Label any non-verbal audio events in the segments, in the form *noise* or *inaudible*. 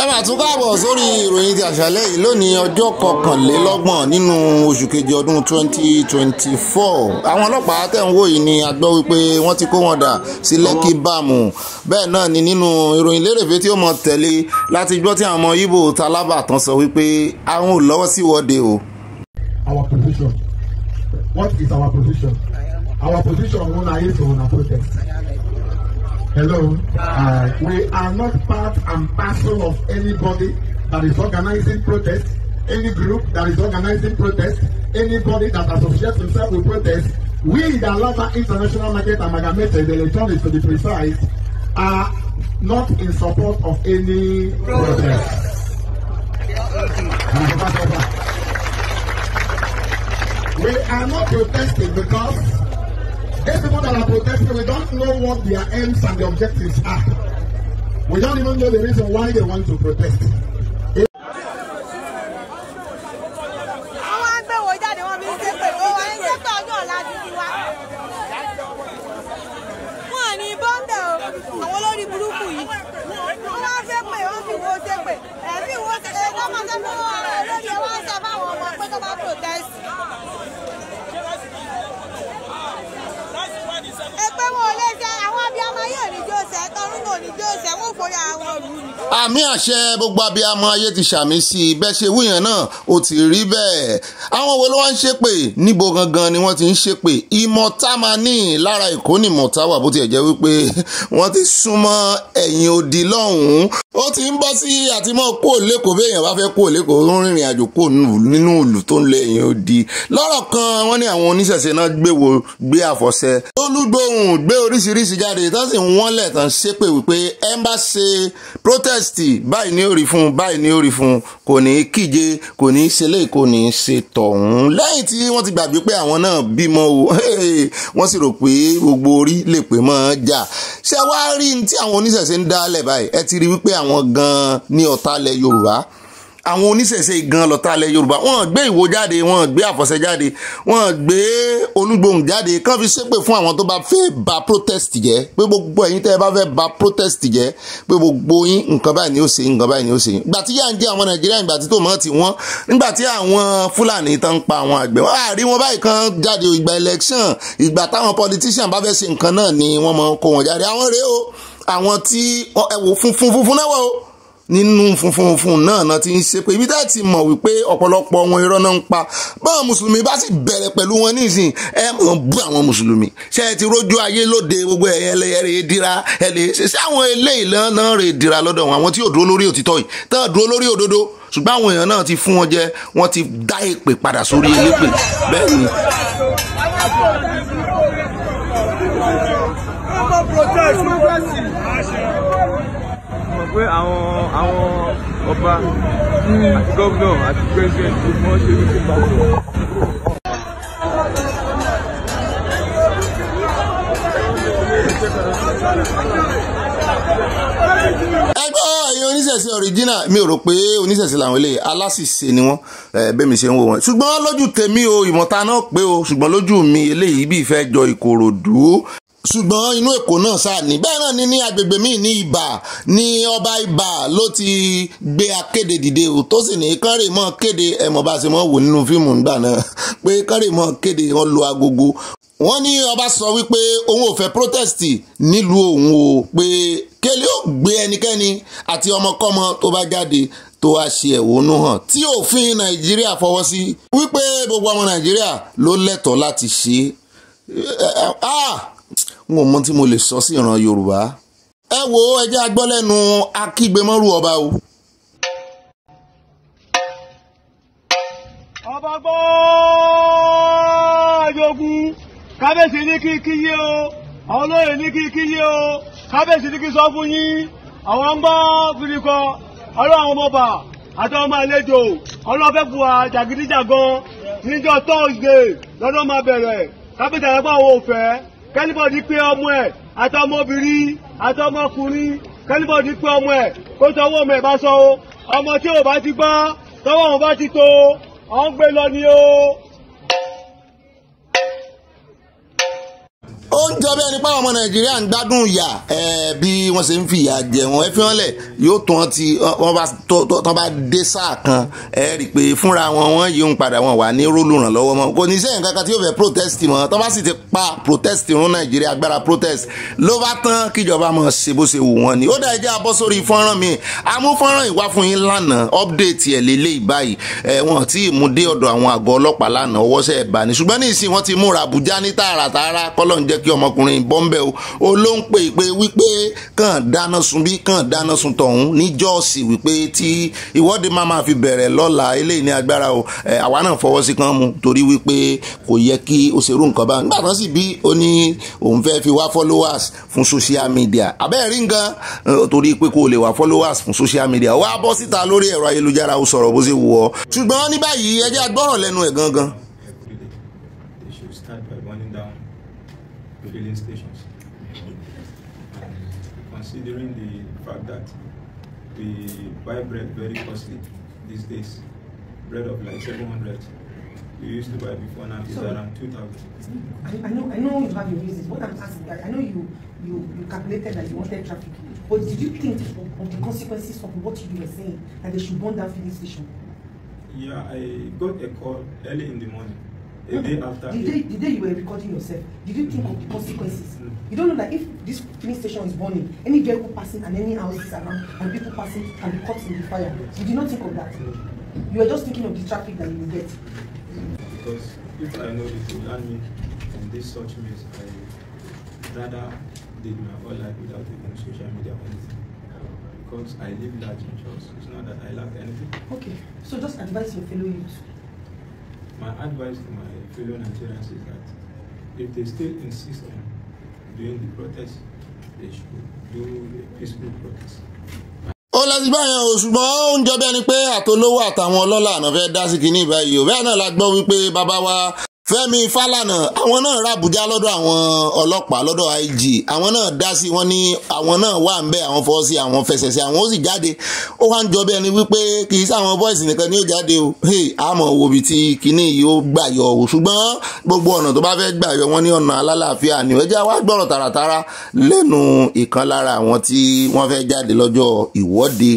ẹ máa tún káàbọ̀ sórí ìròyìn ti àṣálẹ́ yìí lónìí ọjọ́ kọkànlélọ́gbọ̀n nínú oṣù kejì ọdún 2024 àwọn ọlọ́pàá tẹ̀ ń wò yìí ni a gbọ́ wípé wọ́n ti kó wọn dà sí lẹ́kì bámu bẹ́ẹ̀ náà ni nínú ìròyìn lérèfé tí ó mọ tẹ̀lé láti gbọ́ tí àwọn ọmọ Ìgbò talábàtàn sọ wípé àwọn ò lọ́wọ́ sí ìwọ́de o. Our position. What is our position? Our position una is una protest. Hello. Uh, we are not part and parcel of anybody that is organizing protest. any group that is organizing protest. anybody that associates himself with protest. We, the Alava International Market Amalgamated, the electronics to be precise, are not in support of any protest. we are not protesting because These people that are protesting, we don't know what their aims and the objectives are. We don't even know the reason why they want to protest. àmì àṣẹ gbogbo abiyamọ ayé ti ṣàmì sí i bẹ́ẹ̀ ṣe wíyàn náà ó ti rí bẹ́ẹ̀ àwọn wo ló wá ń ṣépè níbo gangan ni wọ́n ti ń ṣépè ìmọ̀ta máa ní lára èkó ni ìmọ̀ta wà bó tiẹ̀ jẹ́ wípé wọ́n ti súnmọ́ ẹ̀yìn òdì lọ́hùn-ún ó ti ń bọ́ sí àtìmọ́ kó lẹ́kọ̀ọ́ bí èèyàn bá fẹ́ kó lẹ́kọ̀ọ́ ó ń rìnrìn àjò kó nínú ìlú tó ń lé ẹ̀yìn òdì lọ́rọ̀ kan wọ́n ní àwọn oníṣẹ̀ṣe náà gbéwò gbé àfọ̀ṣẹ olúgbòhùn gbé oríṣiríṣi jáde tán sì wọ́nlẹ̀ tán ṣépè wípé ẹ protest báyìí ní orí fún báyìí ní orí fún kò ní í kíje kò ní í ṣe lé kò ní í ṣe tọ́ tọ̀hún lẹ́yìn tí wọ́n ti gbàgbé pé àwọn náà bímọ o wọ́n sì rò pé gbogbo orí lè pé mọ́ jà ṣé wàá rí ní tí àwọn oníṣẹ̀ṣe ń dálẹ̀ báyìí ẹ ti rí wípé àwọn gan-an ní ọ̀tá ilẹ̀ Yorùbá àwọn oníṣẹ̀ṣe gan lọ́tà ilẹ̀ yorùbá wọ́n gbé ìwò jáde wọ́n gbé àfọ̀ṣẹ jáde wọ́n gbé olúgbòhùn jáde kàn fi ṣépè fún àwọn tó bá fẹ́ ba protest jẹ́ pé gbogbo ẹ̀yin tẹ́ ẹ bá fẹ́ ba protest jẹ́ pé gbogbo yín nǹkan báyìí ni ó ṣe nǹkan báyìí ni ó ṣe yín. ìgbà tí yà ń jẹ́ àwọn nàìjíríà ìgbà tí tòmọ́ ti wọ́n nígbà tí àwọn fúlàní tán ń pa àwọn àgbẹ̀ wọ́n àrí wọn báyìí kan jáde ìgbà election ìgbà táwọn politician bá fẹ́ ṣe nǹkan náà ni wọ́n mọ kó wọn jáde àwọn rèé o àwọn tí ẹ̀wò funfun funfun náà wọ̀ o nínú funfun funfun náà náà ti ń ṣe pé ibi tá ti mọ̀ wípé ọ̀pọ̀lọpọ̀ wọn irọ́ náà ń pa báwọn mùsùlùmí bá sì bẹ̀rẹ̀ pẹ̀lú wọn nísìn ẹ mọ̀ bú àwọn mùsùlùmí ṣe ti rójú ayé lóde gbogbo ẹ̀yẹ ẹlẹ́yẹrẹ dira ẹlẹ́ ṣe àwọn eléyìí náà rè dira lọ́dọ̀ wọn àwọn tí ò dúró lórí òtítọ́ yìí tán dúró lórí òdodo ṣùgbọ́n àwọn èèyàn náà protest pé àwọn àwọn ọba àti gómìnà àti president gbogbo wọn ṣe wípé bá wọn. ẹgbẹ́ ẹ̀yin oníṣẹ̀ṣe ọ̀ríjínà mi ò rò pé oníṣẹ̀ṣe làwọn eléyìí aláṣìṣe ni wọ́n bẹ́mi ṣe ń wò wọ́n ṣùgbọ́n lójú tèmi o ìmọ̀ta náà pé o ṣùgbọ́n lójú mi eléyìí bí ìfẹ́ jọ Ìkòròdú ṣùgbọ́n inú èkó náà ṣáà ní bẹ́ẹ̀ náà ní ní agbègbè míì ní ibà ní ọba ibà ló ti gbé akéde dìde o tó sì ní kánrè mọ́ kéde ẹ̀mọ́ bá ṣe mọ́ wò nínú fíìmù nígbà náà pé kánrè mọ́ kéde wọn lu agogo wọ́n ní ọba sọ wípé òun ò fẹ́ protest nílùú òun o pé kélé ó gbé ẹnikẹ́ni àti ọmọkọ́mọ tó bá jáde tó wá ṣe ẹ̀hónú hàn tí òfin nàìjíríà fọwọ́ sí wípé gbogbo ọmọ nàìjíríà ló lẹ́tọ̀ọ́ láti ṣe é. Ah! n ò mọ tí mo lè sọ sí ìran yorùbá. ẹ wo ẹjẹ́ agbọ́lẹ́nu akígbemọ́rú ọba o. ọba gbọ́ àjogún kábíyèsí ní kí kí yé o àwọn olóyè ní kí kí yé o kábíyèsí ní kí sọ fún yín àwọn ń gbọ́ fìdíkọ ọlọ́run ọmọọba àtàwọn ọmọ àlejò ọlọ́fẹ́ bùhà jàgídíjàgan níjọ́ tọ́sídẹ̀ẹ́ lọ́dọ̀ máa bẹ̀rẹ̀ kábíyèsí àyẹ̀pọ̀ àwọn òfẹ́ kẹ́nìbọ̀dì pé ọmọ ẹ̀ àtọmọbìnrin àtọmọkùnrin kẹ́nìbọ̀dì pé ọmọ ẹ̀ kó tọwọ́ ọmọ ẹ̀ bá sọ o ọmọ tí ò bá ti gbọ́ tọwọ́ òun bá ti tó ọ̀ ń gbé lọ ni o. ń jọ bí ẹni pé àwọn ọmọ nàìjíríà ń gbádùn ìyà bí wọ́n ṣe ń fi ìyà jẹ wọn ẹ fi wọn lẹ̀ yóò tó wọn ti wọ́n bá dé sáà kan ẹ rí i pé fúnra wọn wọ́n yìí ń padà wọn wà ní rólù ràn mọ́ kò ní sẹ́yìn kankan tí yóò fẹ́ protest mọ́ tó bá sì ti pa protest run nàìjíríà agbára protest ló bá tán kíjọba mọ̀ ṣe bó ṣe wù wọ́n ni ó dá ẹ abọ́ sórí fọ́nrán mi amú fọ́nrán ìwá fún yín lánàá update ẹ̀ lélẹ́yìí báyìí ẹ̀ wọ́n tí mú dé ọ̀dọ̀ àwọn àgọ́ ọlọ́pàá lánàá ọwọ́ṣẹ́ ẹ̀ bá ní ṣùgbọ́n ọmọkùnrin bọ́ńbẹ́ o ó ló ń pè pé wípé kàn dáná sun bí kàn dáná sun tọ̀hún ní jọ́ọ̀sì wípé tí ìwọ́de máa máa fi bẹ̀rẹ̀ lọ́la eléyìí ní agbára o àwa náà fọwọ́ sí kan mu torí wípé kò yẹ kí òṣèrú nǹkan bá nígbà kan sì bí ó ní òun fẹ́ fi wá followers fún social media àbẹ́ẹ̀rí nǹkan torí pé kò lè wá followers fún social media wá bọ́ síta lórí ẹ̀rọ ayélujára ó sọ̀rọ̀ bó ṣe wù ọ́ ṣùgbọ́n ní báyìí ẹ jẹ́ lẹ́nu ẹ̀ gangan buy bread very costly these days. Bread of like 700. You used to buy before now is around 2000. I, I, know I know you have your reasons. What I'm asking, I, I know you, you, you calculated that you wanted traffic, but did you think of, of the consequences of what you were saying, that they should burn down filling station? Yeah, I got a call early in the morning a day after the day the day you were recording yourself did you think of the consequences mm. you don't know that if this police station is burning any vehicle passing and any houses around and people passing can be caught in the fire you did not think of that you were just thinking of the traffic that you will get. because if i know it will land me in this such mess i rather did my whole life without taking social media or anything because i live large in church it's not that i lack anything. okay so just advise your fellow youths my advice to my fellow Nigerians is that if they still insist on doing the protest, they should do a peaceful protest. ó láti báyẹn o ṣùgbọ́n ó ń jọ bí ẹni pé àtolówó àtàwọn ọlọ́lá àná fẹ́ dá sí kinní báyìí ò bẹ́ẹ̀ náà la gbọ́ wípé bàbá wa. Fẹ́mi Falana, àwọn náà ràbùjá lọ́dọ̀ àwọn ọlọ́pàá lọ́dọ̀ IG àwọn náà dá sí wọn ní àwọn náà wà ń bẹ àwọn fọwọ́ sí àwọn fẹsẹ̀ sí àwọn ó sì jáde ó wá ń jọ bí ẹni wípé kì í sáwọn bọ́ìsì nìkan ni ó jáde o àmọ́ wo bí ti kíní yìí ó gbà yọ o ṣùgbọ́n gbogbo ọ̀nà tó bá fẹ́ gbà yọ wọn ní ọ̀nà alálàáfíà ni ẹ jẹ́ wá gbọ́rọ̀ tààràtàrà lẹ́nu ìkan lára àwọn tí wọ́n fẹ́ jáde lọ́jọ́ ìwọ́de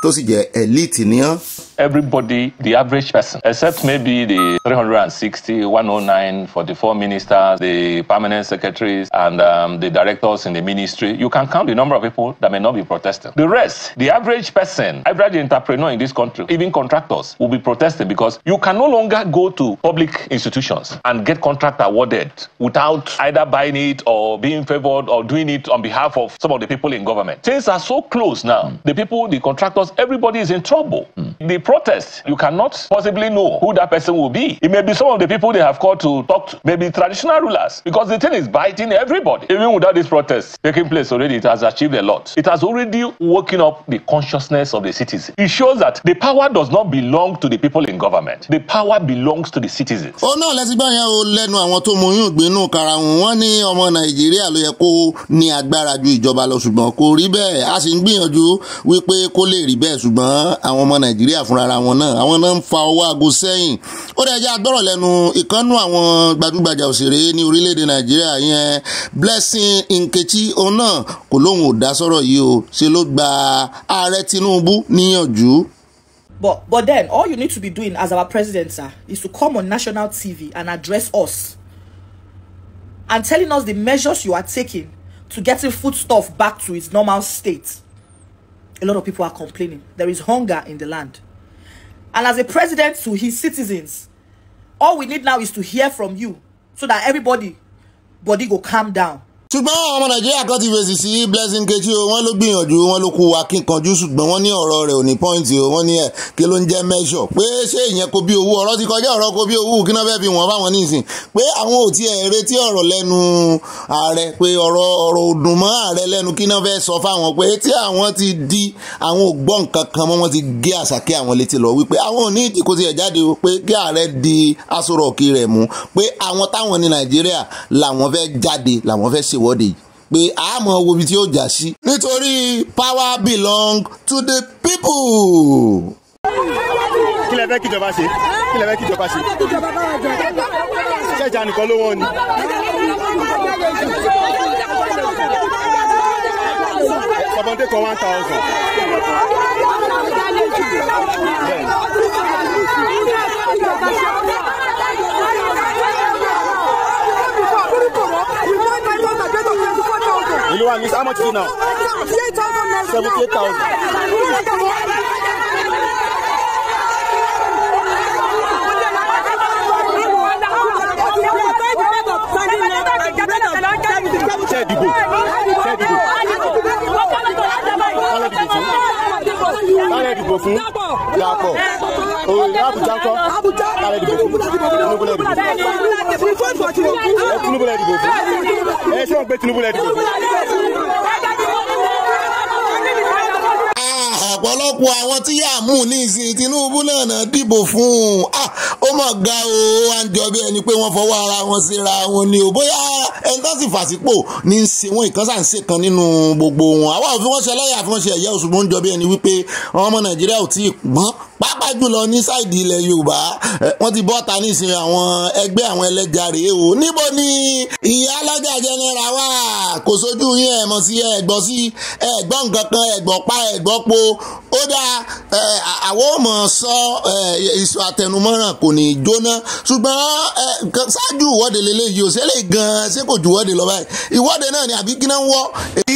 tó sì jẹ́ elite níyàn everybody, the average person, except maybe the 360, 109, 44 ministers, the permanent secretaries, and um, the directors in the ministry, you can count the number of people that may not be protesting. The rest, the average person, average entrepreneur in this country, even contractors, will be protesting because you can no longer go to public institutions and get contract awarded without either buying it or being favored or doing it on behalf of some of the people in government. Things are so close now. Mm. The people, the contractors, everybody is in trouble. Mm. The protest, you cannot possibly know who that person will be. It may be some of the people they have called to talk to, maybe traditional rulers, because the thing is biting everybody. Even without this protest taking place already, it has achieved a lot. It has already woken up the consciousness of the citizens. It shows that the power does not belong to the people in government. The power belongs to the citizens. ó oh, náà lẹ́sìn báyẹn o lẹ́nu àwọn tó mọyún ìgbénú karahun wọ́n ní ọmọ nàìjíríà ló yẹ kó ní agbára ju ìjọba lọ ṣùgbọ́n kò rí bẹ́ẹ̀ a sì ń gbìyànjú wípé kó lè rí bẹ́ẹ̀ ṣùgbọ́n àwọn ọmọ nàìjíríà fúnra wọn náà àwọn náà ń fa ọwọ́ aago sẹ́yìn ó dẹ̀ jẹ́ agbọ́rọ̀ lẹ́nu ìkànnú àwọn gbajúgbajà òṣèré ní orílẹ̀-èdè nàìjíríà yẹn Blessing Nkechi òun náà kò lóun ò dá sọ̀rọ̀ yìí o ṣe ló gba ààrẹ Tinubu níyànjú But but then all you need to be doing as our president, sir, is to come on national TV and address us and telling us the measures you are taking to getting foodstuff back to its normal state. A lot of people are complaining. There is hunger in the land. and as a president to his citizens, all we need now is to hear from you so that everybody body go calm down. ṣùgbọ́n àwọn ọmọ nàìjíríà kan ti fèsì sí Blessing Nkechi o wọ́n ló gbìyànjú wọ́n ló kú wa kíkanjú ṣùgbọ́n wọ́n ní ọ̀rọ̀ rẹ̀ ò ní pọ́ìntì o wọ́n ní ẹ̀ kí ló ń jẹ́ mẹ́ṣọ̀ pé ṣé ìyẹn kò bí owó ọ̀rọ̀ ti kọjá ọ̀rọ̀ kò bí owó kí náà fẹ́ẹ́ fi wọ́n fáwọn nísìn pé àwọn ò tiẹ̀ retí ọ̀rọ̀ lẹ́nu ààrẹ pé ọ̀rọ̀ ọ̀rọ̀ òdùn ààrẹ lẹ́nu kí náà fẹ́ẹ́ sọ fáwọn pé tí di àwọn ò gbọ́ nǹkan kan mọ́ wọ́n ti gé àṣàkí àwọn létí lọ wípé àwọn ò ní ìdíkò tiẹ̀ jáde pé kí ààrẹ di aṣọ ṣèwọ́de yìí pé àmọ́ wo ibi tí ó jà sí nítorí power belong to the people. kí fẹ́ kíjọba ṣe kí fẹ́ kíjọba ṣe ṣẹ́jà nìkan ló wọ́n ni. sọ̀bọ̀ndé kan one thousand. Thank one is how much is it now? Seventy-eight thousand. tẹ dìbò tẹ dìbò kálẹ̀ dìbò fún kálẹ̀ dìbò fún Dàpọ̀ òye Àbújá ńkọ́ kálẹ̀ dìbò fún Tinubu lẹ dìbò fún fóònù fún Tinubu. ẹ Tinubu la dìbò fún ọ̀pọ̀lọpọ̀ àwọn tí yàá mú ní ìsìn Tinubu náà dìbò fún un. Ah, ó mọ̀ ga o à ń jọ bí ẹni pé wọ́n fọwọ́ ara wọn síra wọn ni o bóyá ẹni tó sì fàsípò ní í ṣe wọn ìkànsá ń ṣe kan nínú gbogbo wọn àwa òfin wọn ṣe ẹlẹ́yà àfi wọn ṣe ẹ̀yẹ oṣù tó ń jọ bí ẹni wípé ọmọ nàìjíríà ò tí ì gbọ́n pàápàá jùlọ ní sáìdì ilẹ̀ yorùbá wọ́n ti bọ́ta nísìnyí àwọn ẹgbẹ́ àwọn ẹlẹ́ja rèé o níbo ni ìyá alága jẹnẹra wà kò sójú yín ẹ̀ mọ̀ sí ẹ̀gbọ́ sí ẹ̀gbọ́ nǹkan kan ẹ̀gbọ́ pa ẹ̀gbọ́ po ó dáa àwọn ò mọ̀ sọ ìsọ àtẹnumọ́ràn kò ní ní jóná ṣùgbọ́n ṣáájú ìwọ́de lélẹ́yìí ò ṣẹlẹ̀ gan-an ṣé kò ju ìwọ́de lọ báyìí ìwọ́de náà ni àbí kíná ń wọ́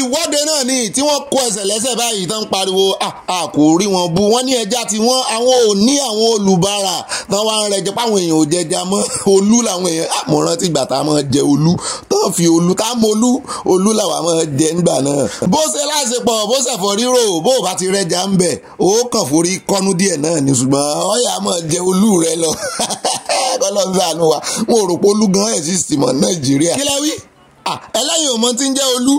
ìwọ́de náà ni tí wọ́n kó ẹsẹ̀ lẹ́sẹ̀ báyìí tán pariwo a kò rí wọn bu wọ́n ní ẹja tí wọ́n àwọn ò ní àwọn olùbárà tán wá ń rẹ jẹ páwọn èèyàn ò jẹja mọ́ olú làwọn èèyàn àmọ̀ràn ti gbà tá a mọ̀ jẹ olú tán fi olú tá a mọ olú olú làwọn mọ̀ jẹ nígbà náà. bó ṣe láṣepọ̀ bó ṣẹ̀fọ̀ ríro bó o bá ti rẹja ń bẹ̀ ó kàn forí kọ́nú díẹ̀ náà ni ṣùgbọ́n ọ̀yà mọ̀ jẹ olú rẹ lọ ọlọ́run ṣàánú wa mo rò pé olú gan ẹ̀ sì sì mọ̀ nàìjíríà. kí la wí ah, ẹlẹ́yin ò mọ tí ń jẹ́ olú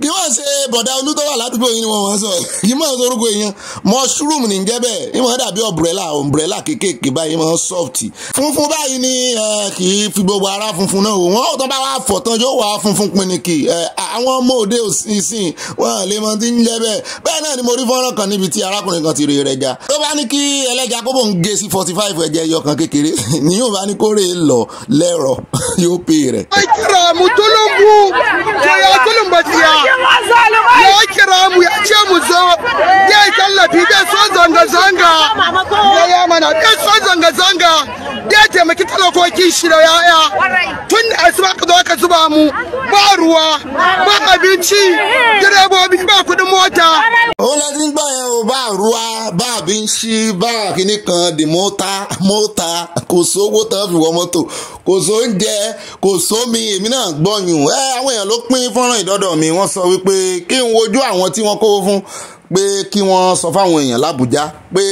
kí wọ́n ṣe bọ̀dá olú tó wà ládùúgbò yìí ni wọ́n wọ́n sọ yìí máa ń sorúkọ èèyàn mushroom ní jẹ́ bẹ́ẹ̀ yìí máa dàbí ọ̀mbrẹ́là ọ̀mbrẹ́là kéékèèké báyìí máa ń sọ́ọ̀tì funfun báyìí ni eh, kì í fi gbogbo ara funfun náà wò wọ́n ò tán bá wà fọ̀ tán yóò wà funfun pinni kì eh, àwọn ọmọ òde ìsìn wọn lè mọ ti ń jẹ bẹ́ẹ̀ bẹ́ẹ̀ náà ni mo rí fọ́nrán kan níbi tí arákùnrin kan ti rè rẹ̀ ga ló bá ní kí ẹlẹ́ja kó bóun gé sí forty five ẹ̀jẹ̀ ẹyọ kan kékeré *laughs* ni yóò bá ní kó rè lọ lẹ́rọ̀ *laughs* yóò pè rẹ̀. ya kira mu tulumbu ko ya tulumba tiya ya kira mu ya ce mu zo zai tallafi zai so zanga-zanga ya ya mana zai so zanga-zanga zai taimaki talakokin shi da yaya tun da asuba ka zo ka zuba mu ba ruwa ba abinci direbobi eh. ba kudin mota. òun la ti ń gbọ́ yẹn o bá ruwa bá abinci bá kíní kan di mọ́ta mọ́ta kò sówó tán fi wọ mọ́tò kò sóúnjẹ kò sómi èmi náà gbọ́yùn ẹ eh, àwọn èèyàn ló pín fọ́nrán ìdọ́dọ̀ mi wọ́n sọ wípé kí n wojú àwọn tí wọ́n kówó fún pé kí wọ́n sọ fáwọn èèyàn làbújá pé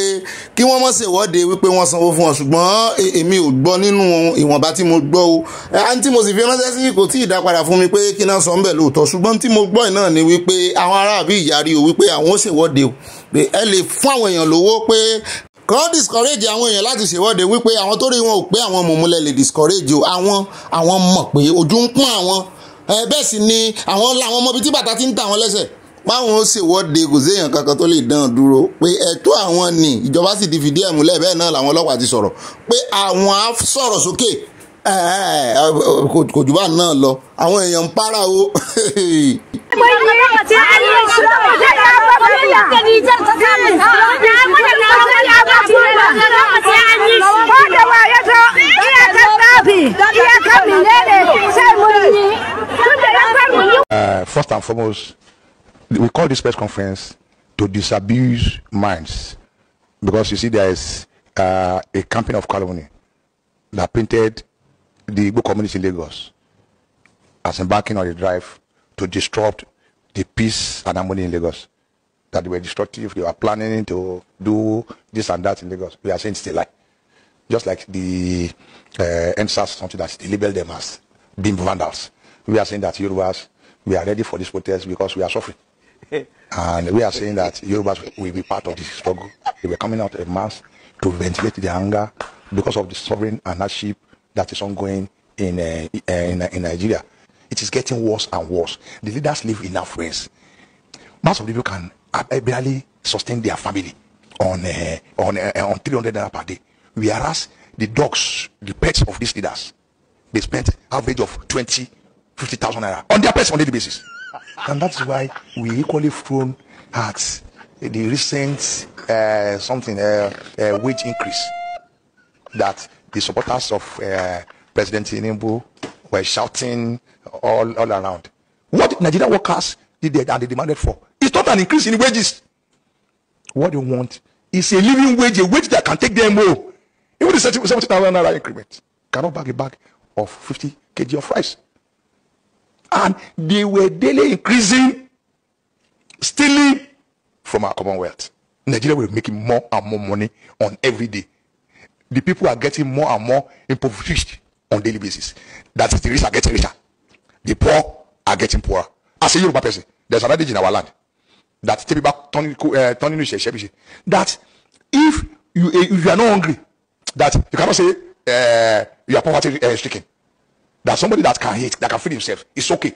kí wọ́n mọ̀ ṣèwọ́de wípé wọ́n sanwó fún wọn ṣùgbọ́n e, èmi ò gbọ́ nínú ìwọ̀nba tí mo gbọ́ o àǹtí e, mo sì fi ránṣẹ́ sí kò tí ì dá padà fún mi pé kí náà sọ ń bẹ̀ lóòótọ́ ṣùgbọ́n tí mo gbọ́ náà ni wípé àwọn aráàbí ìyàrí o wípé àwọn ó ṣèwọ́de o pé ẹ lè fún àwọn èèyàn lówó pé kàn discourage àwọn èèyàn láti ṣèwọ́de wípé àwọn tó rí wọn ò pé àwọn mọ̀mọ́lẹ̀ lè discourage àwọn àwọn mọ̀ pé ojú ń pọ́n àwọn e, bẹ́ẹ̀ sì ni àwọn làwọn mọbi tí bàtà ti ń ta àwọn lẹ́sẹ̀ páwọn ó ṣèwọ́de kò séèyàn kankan tó lè dán dúró pé ẹ̀tọ́ àwọn ni ìjọba sì ti fìdí ẹ̀ múlẹ̀ bẹ́ẹ̀ náà làwọn ọlọ́pàá ti sọ̀rọ̀ pé àwọn á sọ̀rọ̀ sókè kò jù bá náà lọ àwọn èèyàn ń para o. Uh, first and foremost, we call this press conference to disabuse minds because you see there is uh, a campaign of calumny that painted the Igbo community in Lagos as embarking on a drive to disrupt the peace and harmony in Lagos. That they were destructive, they were planning to do this and that in Lagos. We are saying it's a lie. Just like the uh, something that they label them as being vandals. We are saying that Yorubas, we are ready for this protest because we are suffering and we are saying that Yorubas will be part of this struggle. They were coming out in mass to ventilate their anger because of the sovereign anarchy that is ongoing in, uh, in, uh, in Nigeria. It is getting worse and worse. The leaders live in affluence. Most of the people can eh, barely sustain their family on, uh, on, on 300 naira per day. Whereas the dogs, the pets of these leaders, they spent average of 20, 50,000 naira on their pets on daily basis. and that is why we equally thrown at the recent uh, something uh, uh, wage increase that the supporters of uh, President Tinubu were shouting all, all around. What Nigerian workers did they, and they demanded for? It's not an increase in wages. What they want is a living wage, a wage that can take them home. Even the 70,000 naira increment cannot bag a bag of 50 kg of rice and they were daily increasing stealing from our commonwealth nigeria were making more and more money on every day the people are getting more and more impoverished on daily basis that is the rich are getting richer the poor are getting poorer as a yoruba person there is an adage in our land that tell me about turning uh, eh, turning shebi she. that if you uh, if you are not hungry that you cannot say uh, you are poverty uh, stricken that somebody that can hate that can feed himself it's okay